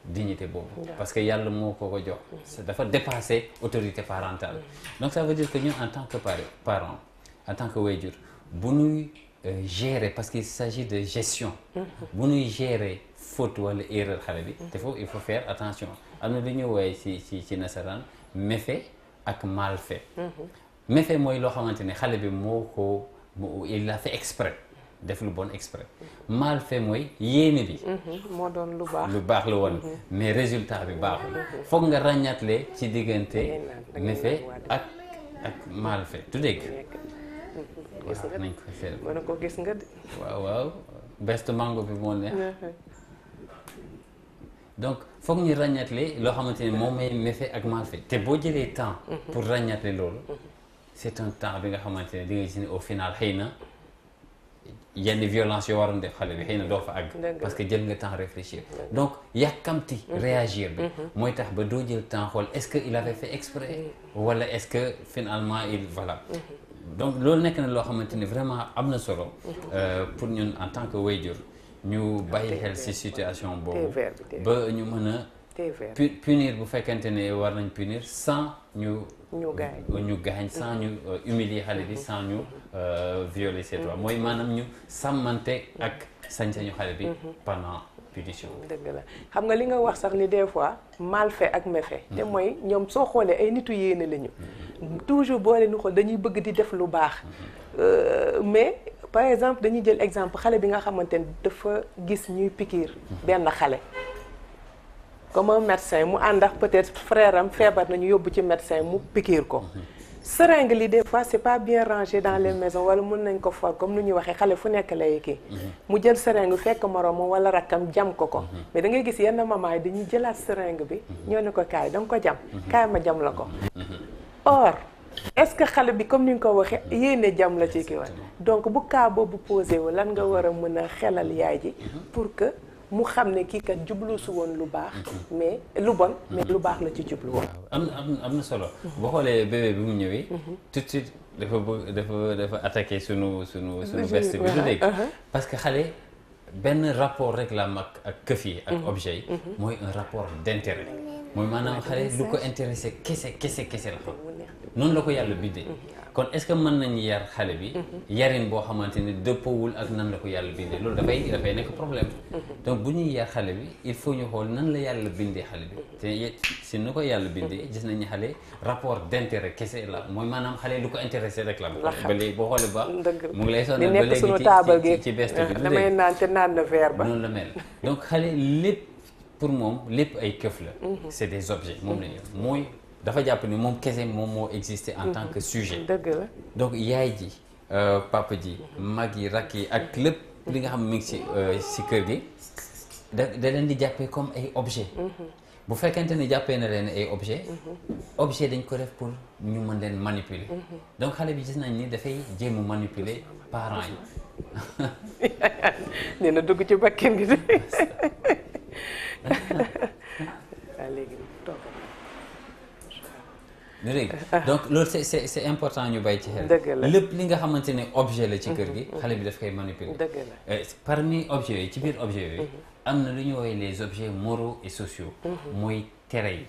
dignité boobu parce que yàlla moo ko ko jox dafa dépasser autorité parentale donc ça veut dire que ñun en tant que parent en tant que wayjur bu ñuy euh, gérer parce qu'il s'agit de gestion bu ñuy gérer faute wala erreur xale bi te foofu il faut faire attention am na lu ñu wooye ci nasaraan méfait ak malfait méfait mooy loo xamante ni xale bi moo ko il l'a fait exprès def lu bon exprès mal fait mooy yéene bi. Mhm, moo doon lu baax lu baax la woon mhm. mais résultat bi baaxul mhm. foog nga ràññaatle ci diggante méfait ak ak mal fait du dégg. nañ ko ko nga de. waaw mango bi moo neex. donc foog ñu ràññatle loo xamante ne moom may méfait ak mal fait te boo jëlee temps. pour ràññatle loolu. c'est temps bi nga xamante ne di nga gis ne au final xëy na yenn violence yoo waroon def xale bi xëy na doo fa àgg. parce que jël nga temps réfléchir. donc yàkkamti mhm. réagir bi. Mhm. mooy tax ba doo jël temps xool est-ce que il avait fait exprès. wala est-ce que finalement il voilà. Mhm. donc loolu nekk na loo xamante ne vraiment am na solo. Euh, pour ñun en tant que waajur ñu bàyyi xel ci situation boobu. ba ñu mën a. sévère. punir bu fekkente ne war nañ punir sans ñu. ñu gaañ ñu gaañ sans ñu mhm. euh, humilier xale bi mhm. sans ñu euh, violer ses droits mhm. mooy maanaam ñu sàmmante ak sañ-sañu xale bi pendant punition dëgg la xam nga li nga wax sax ni des fois malfait ak méfait te mooy ñoom soo xoolee ay nitu yéene lañu mm, toujours boole leen xool dañuy bëgg di def lu baax euh, mais par exemple dañuy jël exemple xale bi nga xamante ne dafa gis ñuy pikiir benn xale comme un médecin mu ànd ak peut-être frère am feebar nañu yóbbu ci médecin mu pikiir ko seringue li des fois c'est pas bien rangé dans les maisons wala mën nañ ko for comme nu ñuy waxee xale fu nekk lay kii mu jël seringue fekk moroomam wala rakkam jam ko ko mais da ngay gis yenn maman yi dañuy jëlaat seringue bi ñoo ne ko kaay da nga ko jam kaay ma jam la ko or est-ce que xale bi comme ni nga ko waxee yéene jam la ci kii wala donc bu cas bu posé wu lan nga war a mën a xelal yaay ji pour mu xam ne kii kat jublu su woon lu baax. mais lu bon. mais lu baax la ci jublu woon. am na am solo. boo xoolee bébé bi mu ñëwee. tout suite dafa bëgg dafa dafa attaqué sunu sunu sunu veste bi du dégg uh-huh. parce que xale benn rapport rek la mag ak këf yi. ak mm-hmm. objet yi. Mm-hmm. mooy un rapport d'intérêt. mooy maanaam xale lu ko intéressé kese kese kese la xam noonu la ko yàlla bindee. Mm-hmm. kon est-ce que mën nañu yar xale bi mhm. yarin boo xamante ni dëppawul ak nan la ko yàlla bindee loolu dafay dafay nekk problème mhm. donc bu ñuy yar xale bi il faut ñu xool nan la yàlla bindee xale bi mhm. te si nu ko yàlla bindee gis nañu xale rapport d'intérêt kese la mooy maanaam xale lu ko intéressé rek la ba léegi boo xoolee ba mu ngi lay sonal ba léegi ci taabal gi ci best bi ah, ba la mel donc xale lépp pour moom lépp ay këf la c'est des objets moom la ñu mooy dafa jàpp ni moom kese moom moo exister en tant que mhm. sujet dëgg la donc yaay ji euh, papa ji mag yi rakk yi ak mhm. lépp li nga xam ne mi ngi si si euh, kër gi da da leen di jàppee comme ay objet mhm. bu fekkente ni jàppee na leen ay objet objet dañ ko def pour ñu mën leen manipuler donc xale bi gis nañ ni dafay jéem a manipuler parents yi nee dugg ci bakkan gi de dégg ah. donc loolu c'est c'est c'est important ñu bay ci xel. lépp li nga xamante ne objet la ci kër gi. Mhm. xale bi daf koy par ni objet yooyu ci biir objet yooyu. Mhm. am na lu ñu woowee les objets moro et sociaux. Mhm. mooy tere yi.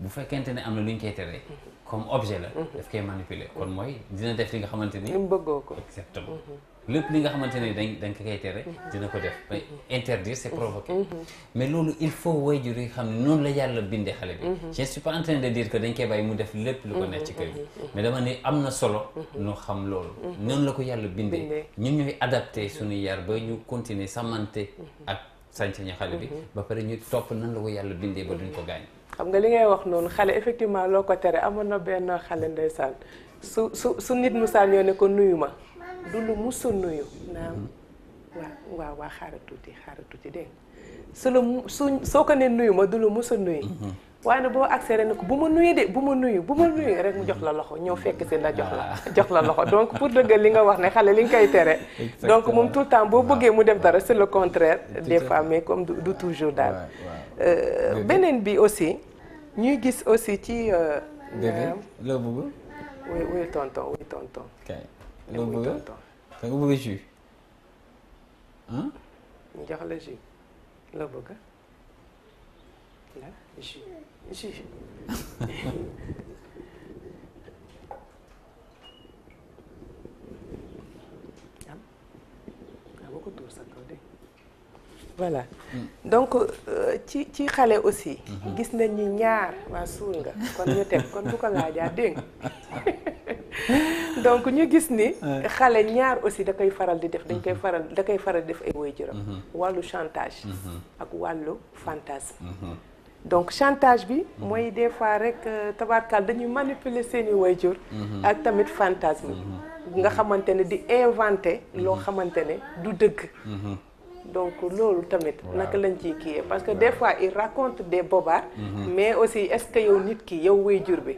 bu fekkente ni am na lu ñu koy tere. comme objet la. daf koy manipuler kon mooy dina def li nga xamante ni. ni mu bëggoo ko exactement. lépp li nga xamante ne dañ dañ ko koy tere dina ko def mais interdire c'est provoquer mais loolu il faut waajur yi xam ne noonu la yàlla bindee xale bi mhm. je suis pas en dañ koy bàyyi mu def lépp lu ko nekk ci kër gi mhm. Mhm. mais dama na solo nu xam loolu noonu la ko yàlla bindee ñun ñooy adapté suñu yar ba ñu continuer sàmmante ak sàncañu xale bi ba pare ñu topp nañ la ko yàlla bindee ba duñ ko gaañ xam nga li ngay wax noonu xale effectivement loo ko tere amoon na benn xale ndeysaan su su su nit mu saan ñoo ne ko nuyu ma du lu mus a nuyu naam waaw waaw waa xaaral tuuti xaaral tuuti de su la su soo ko nee nuyu ma du la mus a nuyu mhm. waaye nag boo accès rek ne ko bu ma nuyu de bu ma nuyu bu ma nuyu rek mu jox la loxo ñëw fekk si la jox la ah. jox la loxo donc pour dëggal li nga wax ne xale li nga koy tere donc moom tout le temps boo ah. bëggee mu def dara c'est le contraire des fois mais comme du toujours daal euh, beneen bi aussi ñuy gis aussi ci euh, dégg la bëgg oui tonton oui tonton la bëgg a da nga bëgg a jus ah. ñu la jus loo bëgg a jus voilà mm. donc euh, ci ci xale aussi. Mm-hmm. gis nañ ni ñaar waa suul nga kon ñu teg kon bu ko laa laajaat ah, dégg donc ñu gis ni. xale ñaar aussi da koy faral di def dañ koy mm-hmm. faral da koy faral di def ay waajuram. Mm-hmm. wàllu chantage. ak wàllu fantasme. donc chantage bi mooy des fois rek euh, tabarkaal dañuy manipuler seeni waajur ak tamit fantasme nga xamante ne di inventer loo xamante ne du dëgg donc loolu tamit naka lañ ciy kiiyee parce que des fois il raconte des bobards mhm. mais aussi est-ce que yow nit ki yow wéy jur bi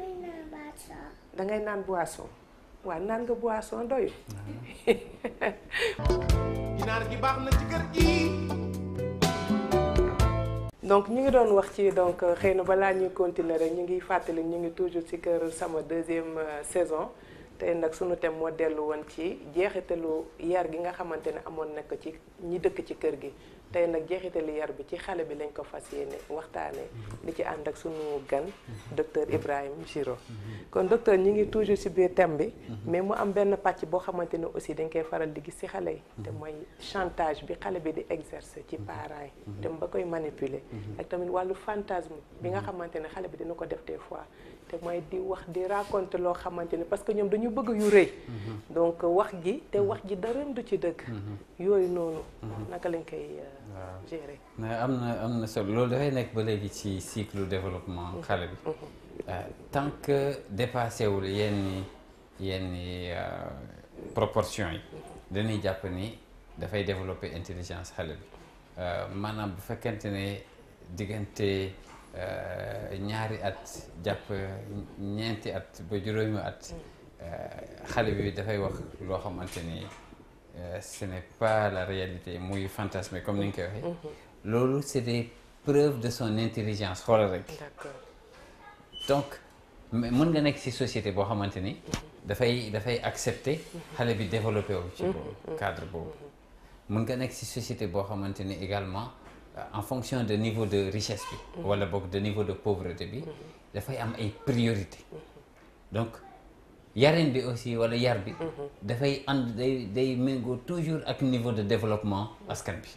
da ngay naan boisson waa naan nga boisson doyu ginaar gi baax na ci kër gi donc ñu ngi doon wax ci donc xëy na balaa ñuy continuer rek ñu ngi fàttali ñu ngi toujours ci kër sama deuxième euh, saison tey nag suñu thème moo dellu woon ci jeexitalu yar gi nga xamante ne amoon na ko ci ñi dëkk ci kër gi tey nag jeexitalu yar bi ci xale bi lañ ko fas yéene waxtaanee li mm-hmm. ci ànd ak suñu gan mm-hmm. docteur Ibrahima Giro mm-hmm. kon docteur ñi ngi toujours ci biir thème bi mais mu am benn pàcc boo xamante ne aussi dañ koy faral di gis ci xale yi te mooy chantage bi xale bi di exercer ci parent yi te ba koy manipuler ak tamit wàllu fantasme bi nga xamante ne xale bi dina ko def fois te mooy di wax di raconter loo xamante ne parce que ñoom dañu bëgg yu rëy. Mm-hmm. donc wax gi te mm-hmm. wax gi dara du ci dëgg. Mm-hmm. yooyu noonu. naka lañ koy euh, gérer. am na am na solo loolu dafay nekk ba léegi ci cycle développement xale bi. Euh, tant que dépassé wul yenn yenn euh, proportion yi. dañuy jàpp ni dafay développer intelligence xale bi maanaam bu fekkente ne diggante. Euh, ñaari at jàpp ñeenti at ba juróomi at mm. euh, xale bi dafay wax loo xamante ni euh, ce n'est pas la réalité muy fantasme comme ni nga koy waxee. Mm-hmm. loolu c'est des preuves de son intelligence xoolal rek. d'accord donc mën nga nekk ci société boo xamante ni. Mm-hmm. dafay dafay accepter mm-hmm. xale bi développé wu. ci boobu cadre boobu. mën nga nekk ci société boo xamante ni également. Euh, en fonction de niveau de richesse bi mhm. wala book de niveau de pauvreté bi mhm. dafay am ay priorité mhm. donc yarin bi aussi wala yar bi dafay ànd day day méngoo toujours ak niveau de développement askan bi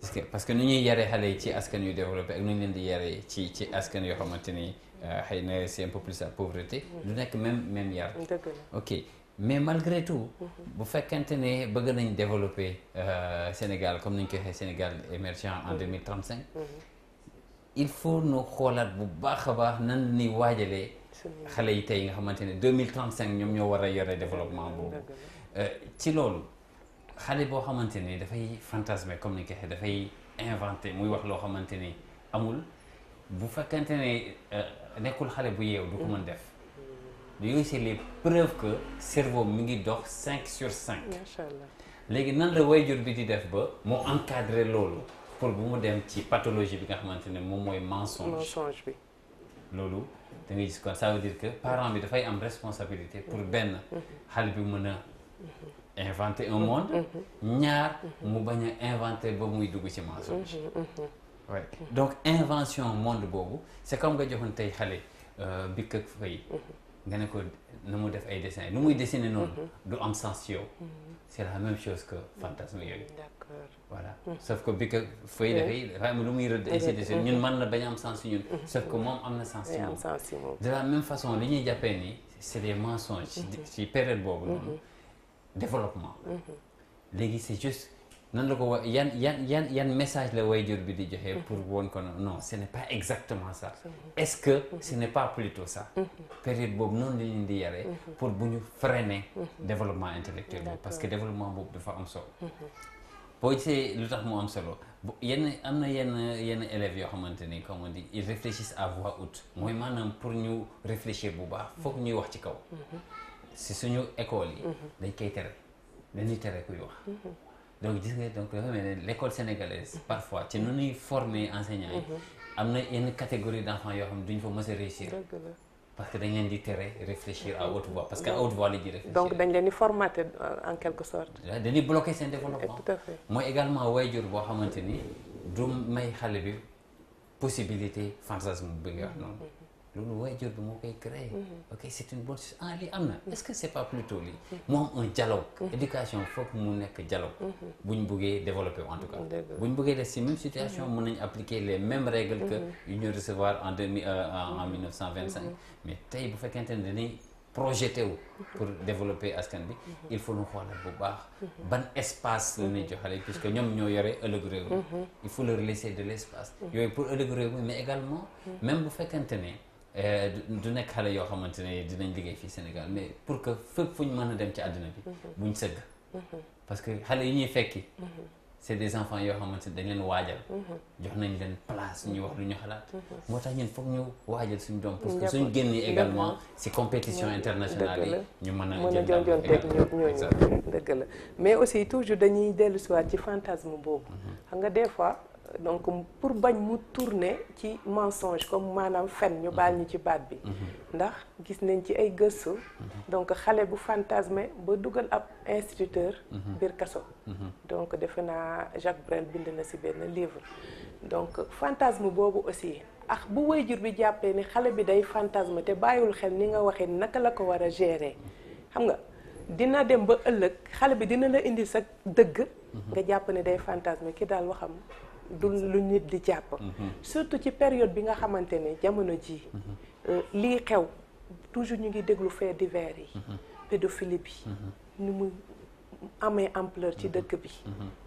parce que parce que nu ñuy yaree xale yi ci askan yu développé ak nu ñu leen di yaree ci ci askan yoo xamante ni euh, xëy na c'est un peu plus à pauvreté du nekk même même yar ok mais malgré tout mhm. bu fekkente ne bëgg nañ développer euh, Sénégal comme ni ñu ko waxee Sénégal émergent en mhm. deux mille trente cinq mhm. il faut nu xoolaat bu baax a baax nan ni waajale xale yi tey nga xamante ne deux mille trente ñoom ñoo war a yore développement boobu euh, ci loolu xale boo xamante ni dafay fantasmer comme ni ñu ko waxee dafay inventé muy wax loo xamante ni amul bu fekkente ne euh, nekkul xale bu yeew du ko mën def yooyu c'est les preuves que cerveau mi ngi dox cinq sur cinq léegi nan la wayjur bi di def ba mu encadrer loolu pour bu mu dem ci pathologie bi nga xamante ne moom mooy mensonge bi loolu da ngay gis kon ça veut que parent bi dafay am responsabilité pour benn xale bi mën a inventer un monde ñaar mu bañ a inventer ba muy dugg ci mensonge mhm, mhm. oui donc invention monde boobu c'est comme nga joxoon tey xale euh, bi ak fay mhm. nga ne ko na mu def ay dessin nu muy dessiner noonu mhm. du am sens yow mhm. c'est la même chose que fantasme yooyu d'accord voilà mhm. sauf que bi que feuille dafay dafa lu muy rëdd ainsi de suite ñun man na bañ am sens ñun sauf que moom am na sens si moom de la même façon li ñuy jàppee ni c'est des mensonges ci période boobu noonu développement léegi c'est juste nan la ko wa yan yan yan yan message la wayjur bi di joxee pour woon ko non no ce pas exactement ça est-ce que mm-hmm. ce n'est pas plutôt ça mm-hmm. période boobu noonu la ñu di yaree mm-hmm. pour bu ñu freiner développement intellectuel boobu parce que développement boobu dafa am solo boo gisee lu tax mu am solo yenn am na yenn yenn élèves yoo xamante ni comme on dit ils réfléchissent à voix haute mooy maanaam pour ñu réfléchir bu baax foog ñuy wax ci kaw si suñu école yi dañ koy tere dañuy tere kuy donc gis nga donc dafa mel ne l'école sénégalaise parfois ci nu ñuy former enseignants yi mhm. am na yenn catégorie d'enfants yoo xam ne duñ fa mës a réussir parce que dañ leen di tere réfléchir à mhm. haute parce que à haute voix la réfléchir donc dañ leen di formater euh, en quelque sorte dañuy bloquer seen développement tout à fait mooy également waajur boo xamante ni du may xale bi possibilité fantasme bi nga wax noonu mhm. loolu waajur bi moo koy créer ok am na est-ce que c'est pas plutôt lii mu am un dialogue éducation foog mu nekk dialogue bu ñu buggee développer en tout cas bu ñu buggee def si même situation mën nañu appliquer les mêmes règles que yu ñu recevoir en deux mille euh, en mhm. mille neuf cent vingt cinq mhm. mais tey mhm. bu fekkente ne dañuy projeté wu pour développer askan bi il faut ñu xoolal bu baax ban espace la ñuy joxale puisque ñoom ñoo yore ëllëg réew mi il faut leur Eh, du nekk xale yoo xamante ne dinañ liggéey fii Sénégal mais pour que fépp fu ñu mën a dem ci adduna bi mhm. buñ sëgg mhm. parce que xale yi ñuy fekki mhm. c'est des enfants yoo xamante ni dañ leen waajal jox nañ leen place ñuy wax lu ñu xalaat moo tax ñun foog ñu waajal suñ doom parce que suñ génnee également si compétition internationale yi ñu man a mën a jonjonteeg ñooñu dëgg la mais aussi toujours dañuy dellu si waat ci fantasme boobu xam nga donc pour bañ mu tourner ci mensonge comme maanaam fen ñu baal ñu ci baat bi mhm. ndax gis nañ ci ay gëstu mhm. donc xale bu fantasme ba dugal ab instituteur mhm. biir kaso donc defe naa Jacques Brel bind na si benn livre donc fantasme boobu aussi ax bu waajur bi jàppee ni xale bi day fantasme te bàyyiwul xel ni nga waxee naka la ko war a gérer xam nga dina dem ba ëllëg xale bi dina la indi sa dëgg nga jàpp ne day fantasme ki daal waxam du lu nit di jàpp surtout ci période bi nga xamante ne jamono ji euh, lii xew toujours ñu ngi déglu faits divers yi pédophilie bi ni mu amee ampleur ci dëkk bi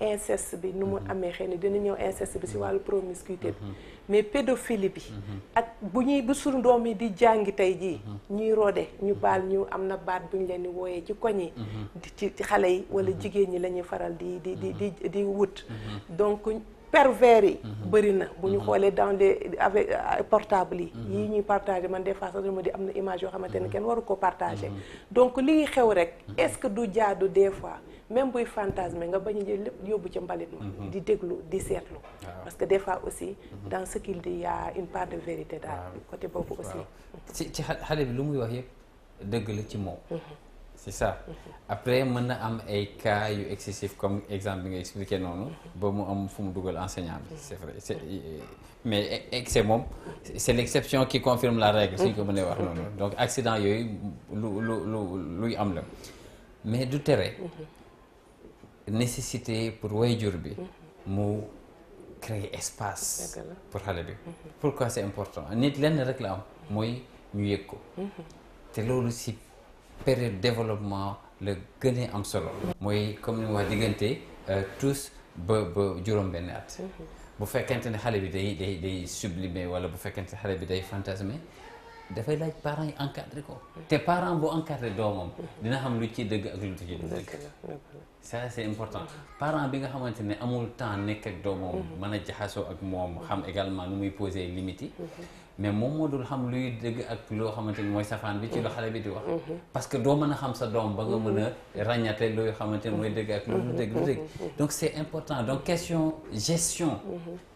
inceste bi nu mu amee xëy na dina ñëw inceste bi si wàllu promiscuité bi mais pédophilie bi ak bu ñuy bu suñu doom yi di jàngi tey jii ñuy roode ñu baal ñu am na baat bu ñu leen di wooyee ci koñ yi ci xale yi wala jigéen ñi la ñuy faral di di di di di wut mm-hmm. donc pervers yi mhm. bëri na bu ñu mhm. xoolee dans de avec euh, portable yi mhm. yii ñuy partagé man des fois sax ma di am na image yoo xamante ne kenn waru ko partagé donc li xew rek est-ce que du jaadu des fois même buy fantasme nga bañ a jël lépp yóbbu ca mbalit ma di déglu di seetlu parce que des fois aussi dans ce qu'il y une part de vérité daal côté boobu aussi ci ci xale bi lu muy wax yëpp dëgg la ci moom c'est ça après mën na am ay cas yu excessif comme exemple bi nga expliqué noonu ba mu am fu mu dugal enseignant bi c'est vrai c'est mais excès moom c'est l'exception qui confirme la règle suñ ko mënee wax noonu donc accident yooyu lu lu luy am la mais du tere nécessité pour waajur bi mu créer espace pour xale bi pourquoi c'est important nit lenn rek la am mooy ñu yëg ko mhm. te loolu si période développement la gën am solo mooy comme ni mu wax diggante euh, tous ba ba juróom-benn at mhm. bu fekkente ne xale bi day day day sublimer wala bu fekkente ne xale bi day fantasmer dafay laaj parents yi encadré ko te parent bu encadré doomam dina xam lu ci dëgg ak lu ci dëgg parent bi nga xamante ne amul temps nekk ak doomam mhm. mën a jaxasoo ak moom xam également nu muy poser limites yi mhm. mais moom moo dul xam luy dëgg ak loo xamante ni mooy safaan bi ci lu xale bi di wax mhm. parce que doo mën a xam sa doom ba nga mën a mhm. ràññate looy xamante ni mooy dëgg ak lu dul mhm. dëgg lu dëgg donc c'est important donc question gestion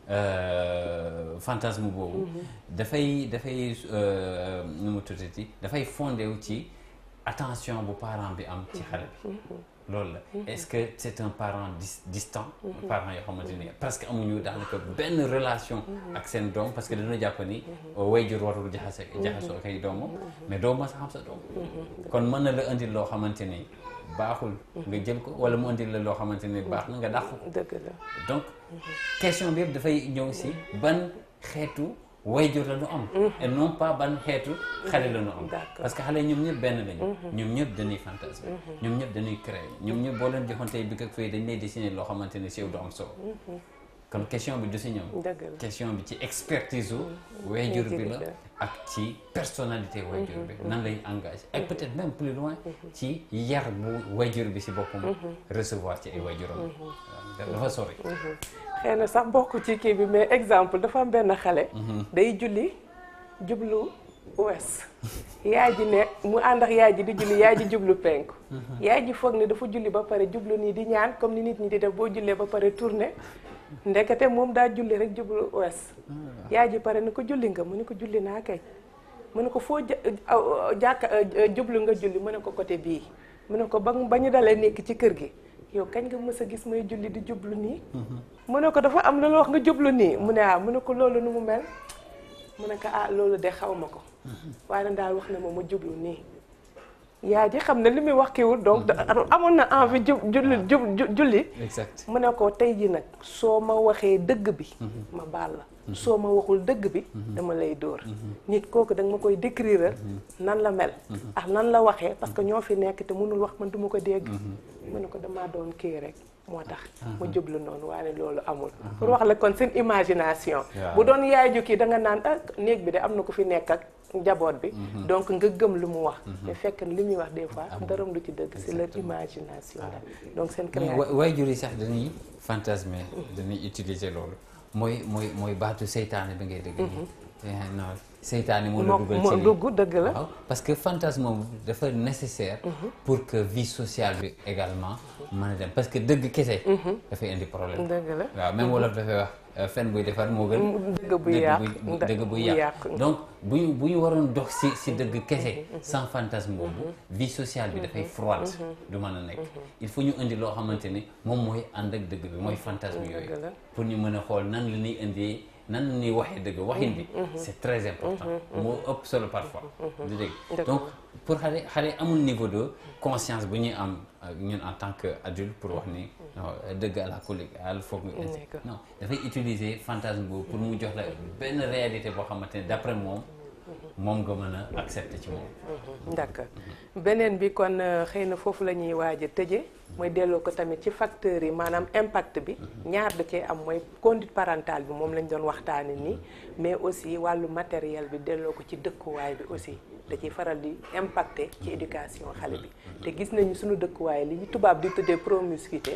euh, fantasme boobu dafay dafay euh, nu mu tuddati dafay fondé ci attention bu parent bi am ci xale bi lool la mhm. est-ce que c'est un parent distant mhm. parent yoo xamante ni parce que amuñu daanaka mhm. benn relation ak seen doom parce que dañoo jàpp ni wayjur warul jaxase jaxasoo kay doomam mais doom ma sa xam sa doom kon mën na la indi loo xamante ni baaxul nga jël ko wala mu indi la loo xamante ni baax na nga dàq ko dëgg la donc question bi yëpp dafay ñëw si ban xeetu wayjur la ñu am mhm. et non pas ban xeetu xale la ñu am parce que xale ñoom ñëpp benn lañu mhm. ñoom ñëpp dañuy fantasme mhm. ñoom ñëpp dañuy créer ñoom ñëpp boo leen joxantee bi ak fay dañ lay dessiner loo xamante ne si yow du am solo kon question bi du si ñoom question bi ci expertise u jur bi la ak ci personnalité wayjur bi nan lay engagé ak peut-être même plus loin ci yar bu jur bi si boppam recevoir ci ay wayjuram dafa sori xëy na sax bokk ci kii bi mais exemple dafa benn xale. Mhm. day julli jublu ouest. yaay ji ne mu ànd ak yaay ji di julli yaay ji jublu penku. Mhm. yaay ji foog ne dafa julli ba pare jublu nii di ñaan comme ni nit ñi di def boo jullee ba pare tourné. ndekete moom daa julli rek jublu ouest. Ah. yaay ji pare ni ko julli nga mu ne ko julli naa kay. mu ne ko foo euh, jàkka euh, jublu nga julli mu ne ko côté bii. mu ne ko ba ba ñu dalee nekk ci kër gi. yow kañ nga mës a gis may julli di jublu nii. Mhm. mu ne ko dafa am loolu wax nga jublu nii mu ne ah mu ne ko loolu nu mu mel mu ne ko ah loolu de xaw ma ko. Mhm. waaye daal wax na ma ma jublu nii. yaa ji xam ne li muy wax kiwul donc mhm. amoon na envie ju julli ah. ju julli. mu ne ko tey ji nag soo ma waxee dëgg bi. ma baal la. soo ma waxul dëgg bi mhm. dama lay dóor mhm. nit kooku da nga ma koy décrire mhm. nan la mel ak ah, nan la waxee parce que ñoo fi nekk te mënul wax man du ma ko dégg mu ne ko damaa doon kii rek moo tax ma jublu noonu waaye loolu amul pour wax la kon seen imagination bu doon yaay jukki da nga naan ah néeg bi de am na ko fi nekk ak njaboot bi donc nga gëm lu mu wax te fekk li muy wax des fois dara lu ci dëgg c'est leur imagination la ah. donc seen création waajur yi sax dañuy fantasmer dañuy utiliser loolu mooy mooy mooy baatu seytaane bi ngay dégg nii mhm. eh, non seytaane moo la dugal dugg dëgg la parce que fantasme moom dafa nécessaire mhm. pour que vie sociale bi également mhm. mën a dem parce que dëgg kese dafay indi problème dëgg la waaw même wolof dafay wax Euh, fen buy defar moo gën. dëgg buy yàq dëgg buy yàq donc bu ñu bu ñu waroon dox si si dëgg kese. Mm-hmm. Mm-hmm. sans fantasme boobu. Mm-hmm. vie sociale bi dafay froide. du mën a nekk il faut ñu indi loo xamante ni moom mooy ànd ak dëgg bi mooy fantasme yooyu. pour ñu mën a xool nan la ñuy indi nan la ñuy waxee dëgg waxin bi. c'est très important. moo ëpp solo parfois. du dëgg donc pour xale xale amul niveau de conscience bu ñuy am euh, ñun en tant que adulte pour wax nii non euh, dëgg à la collègue al ah, foog ñu non dafay utiliser fantasme boobu pour mu jox la benn réalité boo xamante ne d'après moom moom nga mën a accepter ci moom mhm. d'accord beneen bi kon euh, xëy na foofu la ñuy waaj tëje mooy delloo ko tamit ci facteurs yi maanaam impact bi mhm. ñaar da cee am mooy conduite parentale bi moom lañ doon waxtaane nii mais aussi wàllu matériel bi delloo ko ci dëkkuwaay bi aussi da ciy faral di impacter ci éducation xale bi te gis nañu sunu dëkkuwaay li ñu tubaab di tuddee promiscuité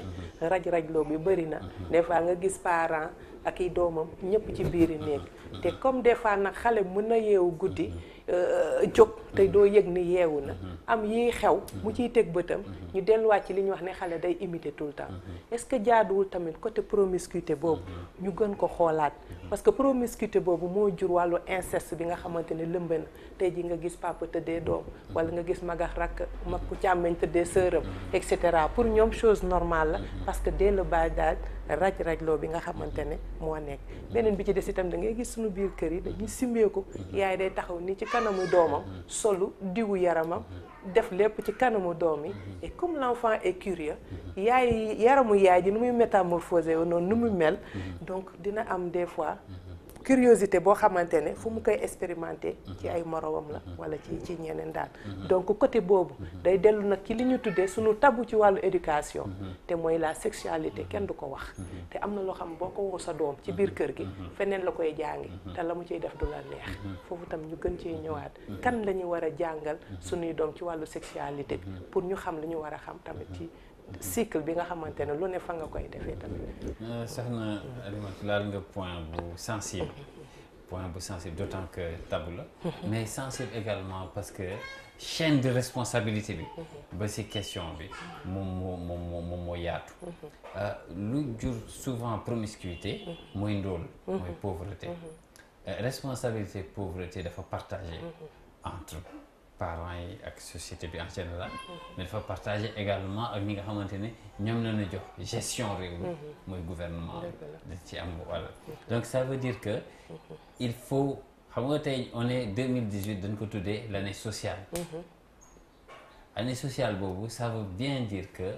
raj-rajloo bi bëri na des fois nga gis parents ak i doomam ñëpp ci biir biiri néeg te comme des fois nag xale mën na yeewu guddi Euh, jóg tey doo yëg ni yeewu na am yiy xew mu ciy teg bëtam ñu delluwaat ci li ñuy wax ne xale day imiter tout le temps est-ce que jaaduwul tamit côté promiscuté boobu ñu gën ko xoolaat parce que promiscuté boobu moo jur wàllu inceste bi nga xamante ne lëmb tey ji nga gis papa tëddee doom wala nga gis magax rakk mag ku càmmeñ tëddee sëram et cetera pour ñoom chose normale la parce que dès le bas raj-rajloo bi nga xamante ne moo nekk beneen bi ci des itam da ngay gis suñu biir kër yi dañuy simbeeku yaay day taxaw ni ci kanamu doomam solu diwu yaramam def lépp ci kanamu doom yi et comme l'enfant est curieux yaay yaramu yaay di nu muy métamorphosé noonu nu muy mel mm-hmm. donc dina am des fois mm-hmm. curiosité boo xamante ne fu mu koy expérimenter mhm. ci ay moroomam la mhm. wala ci ci ñeneen daal mhm. donc côté boobu day dellu nag ci li ñu tuddee suñu tabu ci wàllu éducation te mooy la sexualité kenn du ko wax te am na loo xam boo ko woo sa doom ci biir kër gi feneen la koy jàngi te la mu ciy def du la neex foofu tam ñu gën cee ñëwaat kan la ñu war a jàngal suñuy doom ci wàllu sexualité bi pour ñu xam li ñu war a xam tamit ci cycle bi nga xamante ne lu ne fa nga koy defee tamit. Euh, soxna Alimatou laal nga point bu sensible mm-hmm. point bu sensible d'autant que tabou la. Mm-hmm. mais sensible également parce que chaîne de responsabilité bi. Mm-hmm. ba ci question bi moom moo moom moom moo yaatu. Euh, lu jur souvent promiscuité. mooy ndóol. mooy pauvreté. Euh, responsabilité pauvreté dafa partagé entre. parents yi ak société bi en général mais dafa partager également ak ñi nga xamante ne ñoom la ñu jox gestion réew mi mooy mhm. gouvernement dañ ci am wala mhm. donc ça veut dire que mhm. il faut xam nga tey on est 2018 dañ ko tuddee l'année sociale année sociale boobu ça veut bien dire que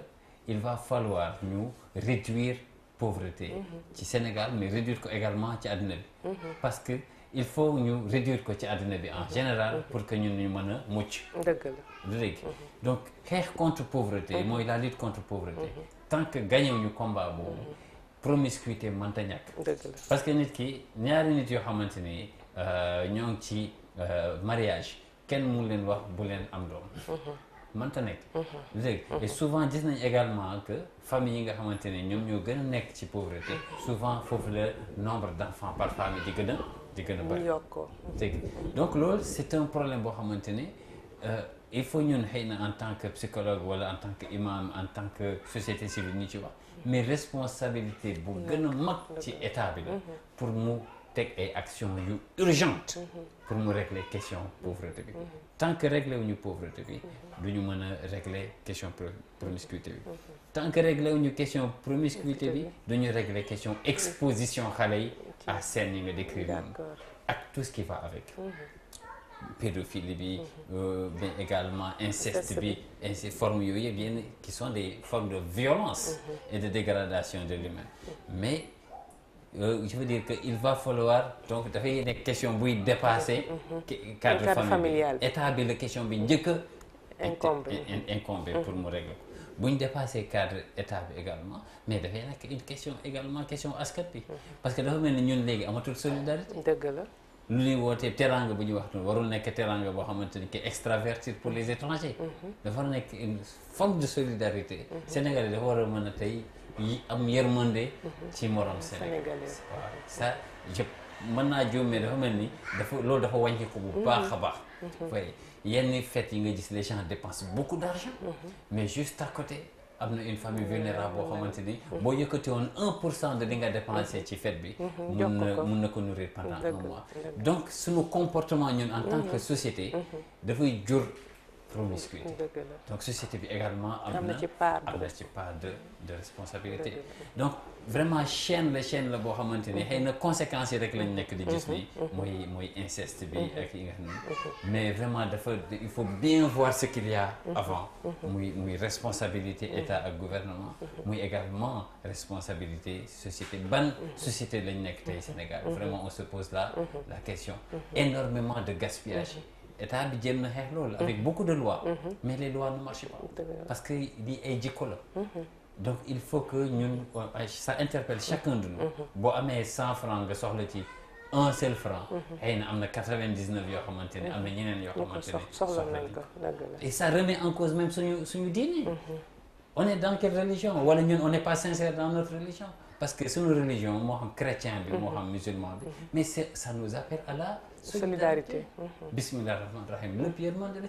il va falloir ñu réduire pauvreté ci Sénégal mais réduire ko également ci àdduna bi il faut ñu réduire ko ci àddina bi en général pour que ñun ñu mën a mucc dëgg la dëgg mhm. donc xeex contre pauvreté mhm. mooy la lutte contre pauvreté mhm. tant que gagné ñu combat boobu promiscuité mënta ñàkk dëgg la parce que nit ki ñaari nit yoo xamante ni euh, ñoo ngi ci euh, mariage kenn mu leen wax bu leen am doom mënta nekk léegi souvent gis également que famille yi nga xamante ne ñoom ñoo gën a nekk ci pauvreté souvent foofu la nombre d' enfants par famille di gën di gën a bëri dégg donc loolu c'est un problème boo xamante ne euh, il faut ñun xëy na en tant que psychologue wala en tant que imam en tant que société civile ñu ci wax mais responsabilité bu gën a mag ci état bi la mhm. pour mu teg ay action yu urgente mhm. pour mu régler question pauvreté bi mhm. tant que régler wu ñu pauvreté bi du ñu mën a régler question promiscuité bi tant que u wuñu question promiscuité bi duñu régler question exposition xale yi à scène yi nga décrire ak tout ce qui va avec mhm. pédophilie bi mhm. euh, mais également inceste bi ainsi formes de violence mhm. et de dégradation de l'humain mais Euh, je veux dire que va falloir donc dafay nekk question buy dépasser cadre bi question bi njëkk a pour mu régler bu ñu dépassé cadre état bi également mais dafay nekk une question également question askan bi parce que dafa mel ni ñun léegi amatul solidarité dëgg la lu ñuy wootee teranga bu ñuy wax noonu warul nekk teranga boo xamante ni ki extraverti pour les étrangers mhm. dafa nekk une forme de solidarité mhm. sénégalais dafa war a mën a tey yi am yërmande mhm. ci morom sénégalais waaw sa je mën naa juum dafa mel ni dafa loolu dafa waññiku bu baax a baax yenn fet yi nga gis les gens dépensent beaucoup d'argent mhm. mais juste à côté am na une famille mm-hmm. vulnérable boo xamante ni mm-hmm. boo yëkkati woon un pour cent de li nga dépensé ci fête bi mm-hmm. mun na mun na ko nourrir pendant un mois donc suñu comportement ñun en tant que société dafay jur promiscuité donc société bi également am na am na ci part de de responsabilité donc vraiment chaîne la chaine la boo xamante ni xëy na mhm. conséquences yi rek nekk di gis ni mhm. mooy mooy inceste bi mhm. ak yi nga xam ne mais vraiment dafa il faut bien voir ce qu'il y a avant muy muy responsabilité état ak gouvernement muy également responsabilité société ban société lañ nekk tey Sénégal vraiment on se pose la question énormément de gaspillage état bi jéem na xeex loolu avec beaucoup de lois mais les lois ne marchent pas parce que lii ay jikko la donc il faut que ñun ça interpelle chacun de nous. Mm-hmm. boo amee cent franc nga soxla ci un seul franc. Mm-hmm. xëy na am na quatre-vingt-dix-neuf yoo xamante ne am na ñeneen yoo xamante ne. soxla nañ ko et ça remet en cause même suñu suñu diine. Mm-hmm. on est dans quelle religion wala ñun on n'est pas sincère dans notre religion. parce que suñu religion moo xam chrétien bi moo mhm. xam musulman bi mhm. mais c'est ça nous appelle à la solidarité bismillah rahmaani rahim lépp yërmande la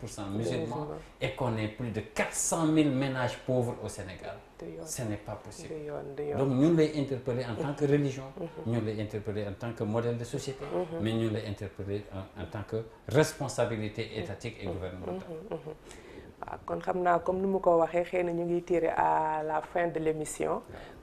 pour cent musulmans et qu'on ait plus cent mille ménages pauvres au Sénégal ce n'est pas possible lay interpeller en tant que religion mhm, ñun lay interpeller en tant que modèle de société mais ñun tant que responsabilité étatique et waaw ah, kon xam naa comme ni mu ko waxee xëy na ñu ngi tiré à la fin de l' émission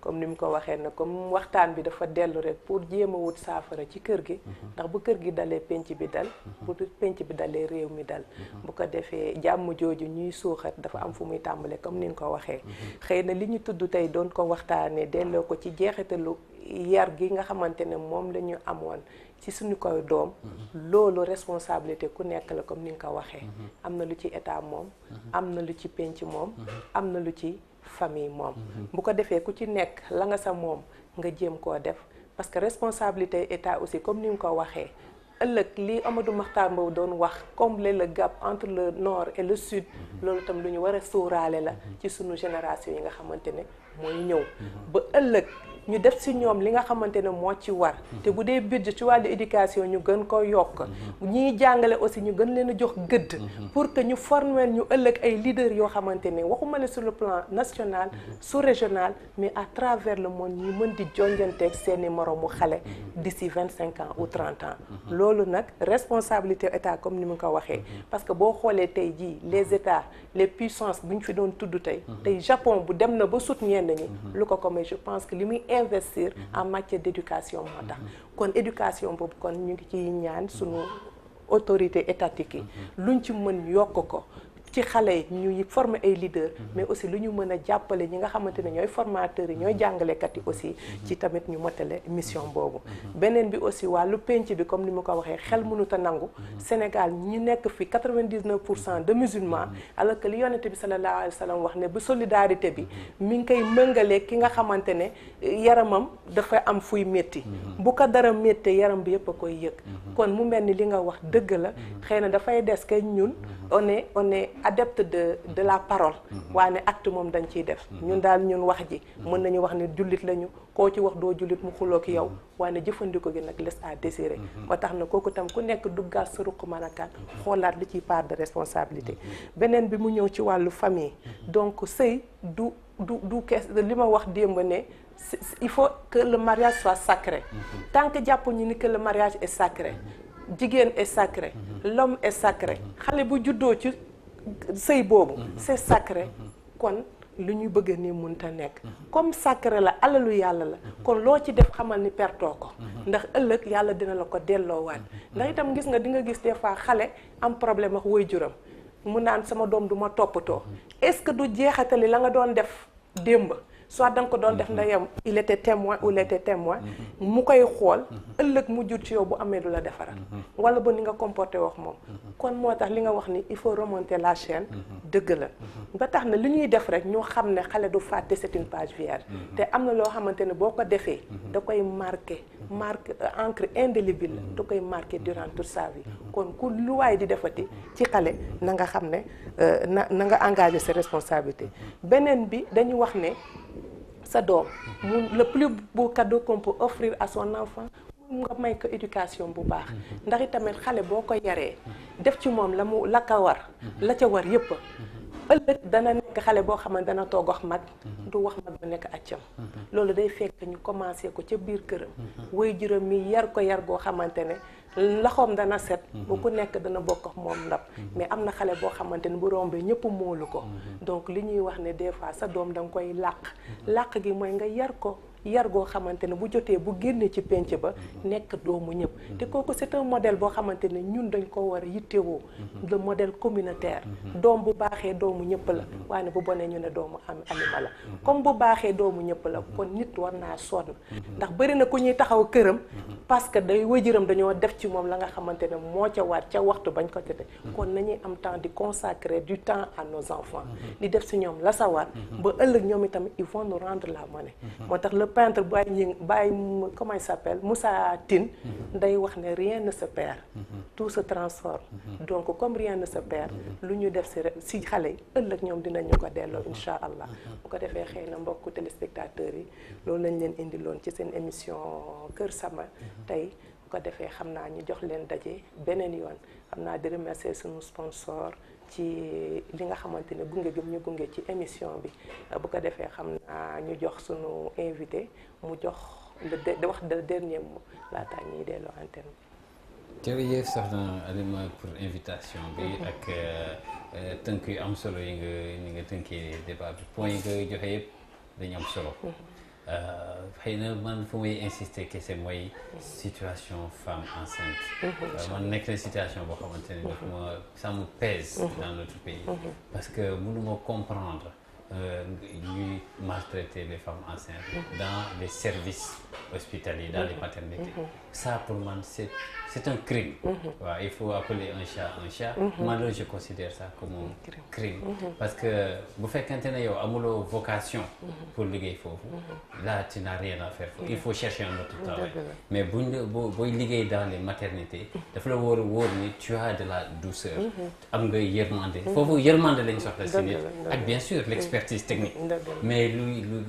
comme ni mu ko waxee na comme waxtaan bi dafa dellu rek pour jéem a wut saafara ci kër gi mhm. ndax bu kër gi dalee pénc bi dal mhm. bu penc bi dalee réew mi dal mhm. bu ko defee jàmm jooju ñuy suuxat dafa am fu muy tàmbale comme ni nga ko waxee xëy na li ñu tudd tey doon ko waxtaanee delloo ko ci jeexitalu yar gi nga xamante ne moom la ñu amoon ci suñu koy doom loolu responsabilité ku nekk la comme ni nga ko waxee am na lu ci état moom am na lu ci pénc moom am na lu ci famille moom mhm. bu ko defee ku ci nekk la nga sa moom nga jéem koo def parce que responsabilité état aussi comme ni mu ko waxee ëllëg lii amatu Mahtar Mbow doon wax combler la gap entre le nord et le sud mhm. loolu tam lu ñu war a sóoraale la mhm. ci sunu génération yi nga xamante ne mooy ñëw ba ëllëg ñu def si ñoom li nga xamante ne moo ci war te bu dee budget ci wàllu éducation ñu gën ko yokk ñiy jàngale aussi ñu gën leen a jox gëdd pour que ñu former ñu ëllëg ay leaders yoo xamante ne waxuma ne sur le plan national su régional mais à travers le monde ñu mën di jonjanteeg seeni moroomu xale di d'ici vingt cinq ans ou trente ans loolu nag responsabilité état comme ni mu ko waxee parce que boo xoolee tey jii les états les puissances bu ñu fi doon tudd tey tey Japon dem na ba sut ñenn investir en matière d'éducation moo tax kon éducation boobu kon ñu ngi ciy ñaan suñu autorité étatique yi mhm. luñ ci mën yokk ko ci xale yi ñuy former ay leaders. mais aussi lu ñu mën a jàppale ñi nga xamante ne ñooy formateurs yi ñooy jàngalekat yi aussi. ci tamit ñu motale mission boobu. beneen bi aussi wàllu penc bi comme ni ma ko waxee xel mënut a nangu. Sénégal ñi nekk fi 99 pour cent de musulmans alors que li yonent bi sallallahu alayhi wa sallam wax ne bu solidarité bi mi ngi koy mëngale ki nga xamante ne yaramam dafa am fuy métti. bu ko dara méttee yaram bi yëpp a koy yëg. kon mu mel ni li nga wax dëgg la xëy na dafay des que ñun adepte de de la parole mhm. waane actu moom dañ ciy def mhm. ñun daal ñun wax ji mhm. mën nañu wax ne jullit lañu koo ci wax doo jullit mu xuloo ki yow waane jëfandikoo gi nag laisse à désirer moo tax na kooku tam ku nekk duggaat sa ruq manakaan xoolaat li ciy part de responsabilité beneen bi mu ñëw ci wàllu famille donc sëy du du du kees li ma wax démb ne il faut que le mariage soit sacré tant que jàpp ñu ni que mariage et sacré jigéen est sacré l'homme est sacré xale bu juddoo ci sëy boobu mhm. c'est sacré mhm. kon lu ñu bëgg ni mënta nekk mhm. comme sacré la alalu yàlla la kon loo ci def xamal ni pertoo ko ndax ëllëg yàlla dina la ko delloo delloowaat ndax itam gis nga di nga gis des fois xale am problème ak waajuram mu naan sama doom duma ma toppatoo est-ce que du jeexatali la nga doon def démb soit da nga ko doon def ndeyam mhm. il était témoin ou lait était témoin mhm. mu koy xool mhm. ëllëg mu jur ci yow bu amee du la defaral wala ba ni nga comporté wax moom kon moo tax li nga wax ni il faut remonter la chaine dëgg la ba tax na li ñuy def rek ñoo xam ne xale du fàtte c'est une page vierge te am na loo xamante ne boo ko defee da koy marqué marque euh, encre indélébile da koy marqué durant toute sa kon ku lu waay di defati ci xale na nga xam ne euh, na na nga engagé ses responsabilités beneen bi dañu wax ne sa doom mu le plus beau cadeau qu'on peut offrir à son enfant nga may ko éducation bu baax ndax itamit xale boo ko yaree def ci moom la mu la ko war la ca war yépp ëllëg dana nekk xale boo xam ne dana toog wax mag mhm. du wax mag bu nekk accam mhm. loolu day fekk ñu commencé ko ca biir këram mhm. way juróom mi yar ko yar goo xamante ne laxoom dana set bu ku nekk dana bokk moom ndab mais am na xale boo xamante ne bu rombee ñëpp moolu ko donc li ñuy wax ne des fois sa doom danga koy làq làq gi mooy nga yar ko yar goo xamante ne bu jotee bu génne ci pénc ba nekk doomu ñëpp te kooku c'est un modèle boo xamante ne ñun dañ ko war a yittewoo mhm. le modèle communautaire mhm. doom bu baaxee doomu ñëpp la mhm. waaye bu bonee ñu ne doomu am alima la comme bu baaxee doomu ñëpp la kon nit war naa sonn ndax bëri na ku ñuy taxaw këram parce que day wajuram dañoo def ci moom la nga xamante ne moo ca war ca waxtu bañ ko tete kon nañuy am temps di consacrer du temps à nos enfants di def si ñoom la sawar ba ëllëg ñoom itam ils vont nous rendre la monnaie moo tax peintre Baye Ñing Baye comment il s'appelle Moussa Tine mhm. day wax ne rien ne se mhm. tout se transforme mhm. donc comme rien ne se lu ñu def si si xale yi ëllëg ñoom dinañu ko delloo incha allah bu ko defee xëy na mbokku téléspectateurs yi loolu lañ leen indiloon ci seen émission Kër Sama tey bu ko defee xam naa ñu jox leen daje beneen yoon xam naa di remercier suñu sponsor ci li nga xamante ne gunge gëm ñu gunge ci émission bi bu ko defee xam naa ñu jox sunu invité mu jox le wax le dernier mot laataa ñuy delloo antenne bi. jërëjëf soxna Alima pour invitation bi mm-hmm. ak euh, euh, tënk yu am solo yi nga ni nga tënkee débat point yi nga joxe yëpp dañ am solo. Mm-hmm. Euh, xëy na man fu muy insister kese mooy situation femme enceinte mhm. euh, man nekk na situation boo xamante ne daf ma ça me pèse mhm. dans notre pays mhm. parce que mënuma comprendre euh, ñuy maltraiter les femmes enceintes dans les services hospitaliers dans les maternités ça pour man c'est c'est un crime. waaw mhm. il faut appeler un chat un chat. Mhm. man loolu je considère ça comme un crime. Mhm. parce que bu fekkente ne yow amuloo vocation. pour liggéey foofu. là tu n'as rien à faire il faut chercher un autre travail. mais buñ la booy liggéey dans les maternités. dafa la wóor wóor ni tu de la douceur. am nga yërmande. foofu yërmande lañ soxla si nit. ak bien sûr l'expertise technique. mais lu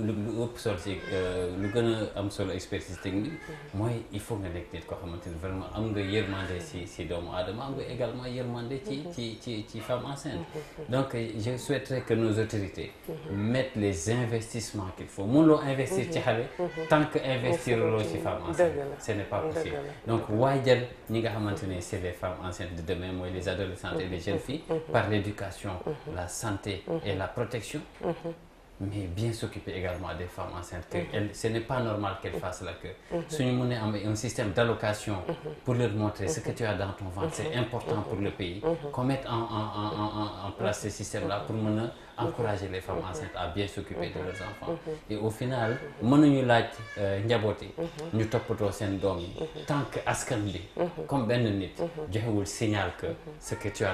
lu lu ëpp euh, gën a am solo expertise technique. mooy il faut nga nekk nit koo xamante ni nga yërmande si si doomu aadama am nga également yërmande ci mhm. ci ci ci femme enceinte mhm. Mhm. donc je souhaiterais que nos autorités mettent les investissements qu'il faut mënuloo investir ci xale tant que investir loo ci femme enceinte ce n'est pas possible donc waajal ñi nga xamante ne c'est les femmes enceintes de demain mooy les adolescentes et les jeunes filles par l'éducation la santé et la protection mais bien s'occuper également des femmes enceintes que mhm. elles, ce n'est pas normal qu'elles mhm. fassent la queue mhm. suñu mënee am un système d'allocation pour leur montrer ce que tu as dans ton ventre c'est important pour le pays qu'on mette en en en en en place ce système là pour mën a encourager les femmes a mhm. à bien s'occuper de mhm. leurs enfants mhm. et au final mënuñu laaj euh, njaboot yi ñu toppatoo seen doom yi tant que askan bi comme benn nit joxewul signal que ce que tu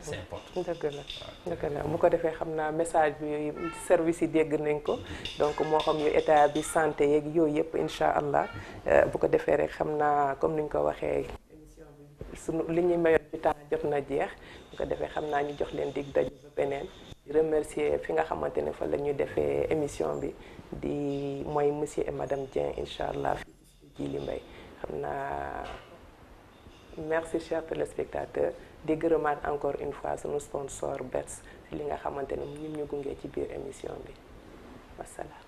c'est important dëgg la dëgg bu ko defee xam naa message bi service yi dégg nañ ko donc moo xam yu état bi santé yooyu yëpp incha allah euh, bu ko defee rek xam naa comme ni ñu ko waxee émission bi sunu li ñuy mayoon ci temps jot na jeex bu ko defee xam naa ñu jox leen dig daju ba remercier fi nga xamante ne fa la ñu defee émission bi di mooy monsieur et madame Dieng incha allah fi Djily Mbaye xam naa merci chers téléspectateurs di gërëmaat encore une fois sunu sponsor BETS li nga xamante ne ñun ñu gungee ci biir émission bi wasalaam.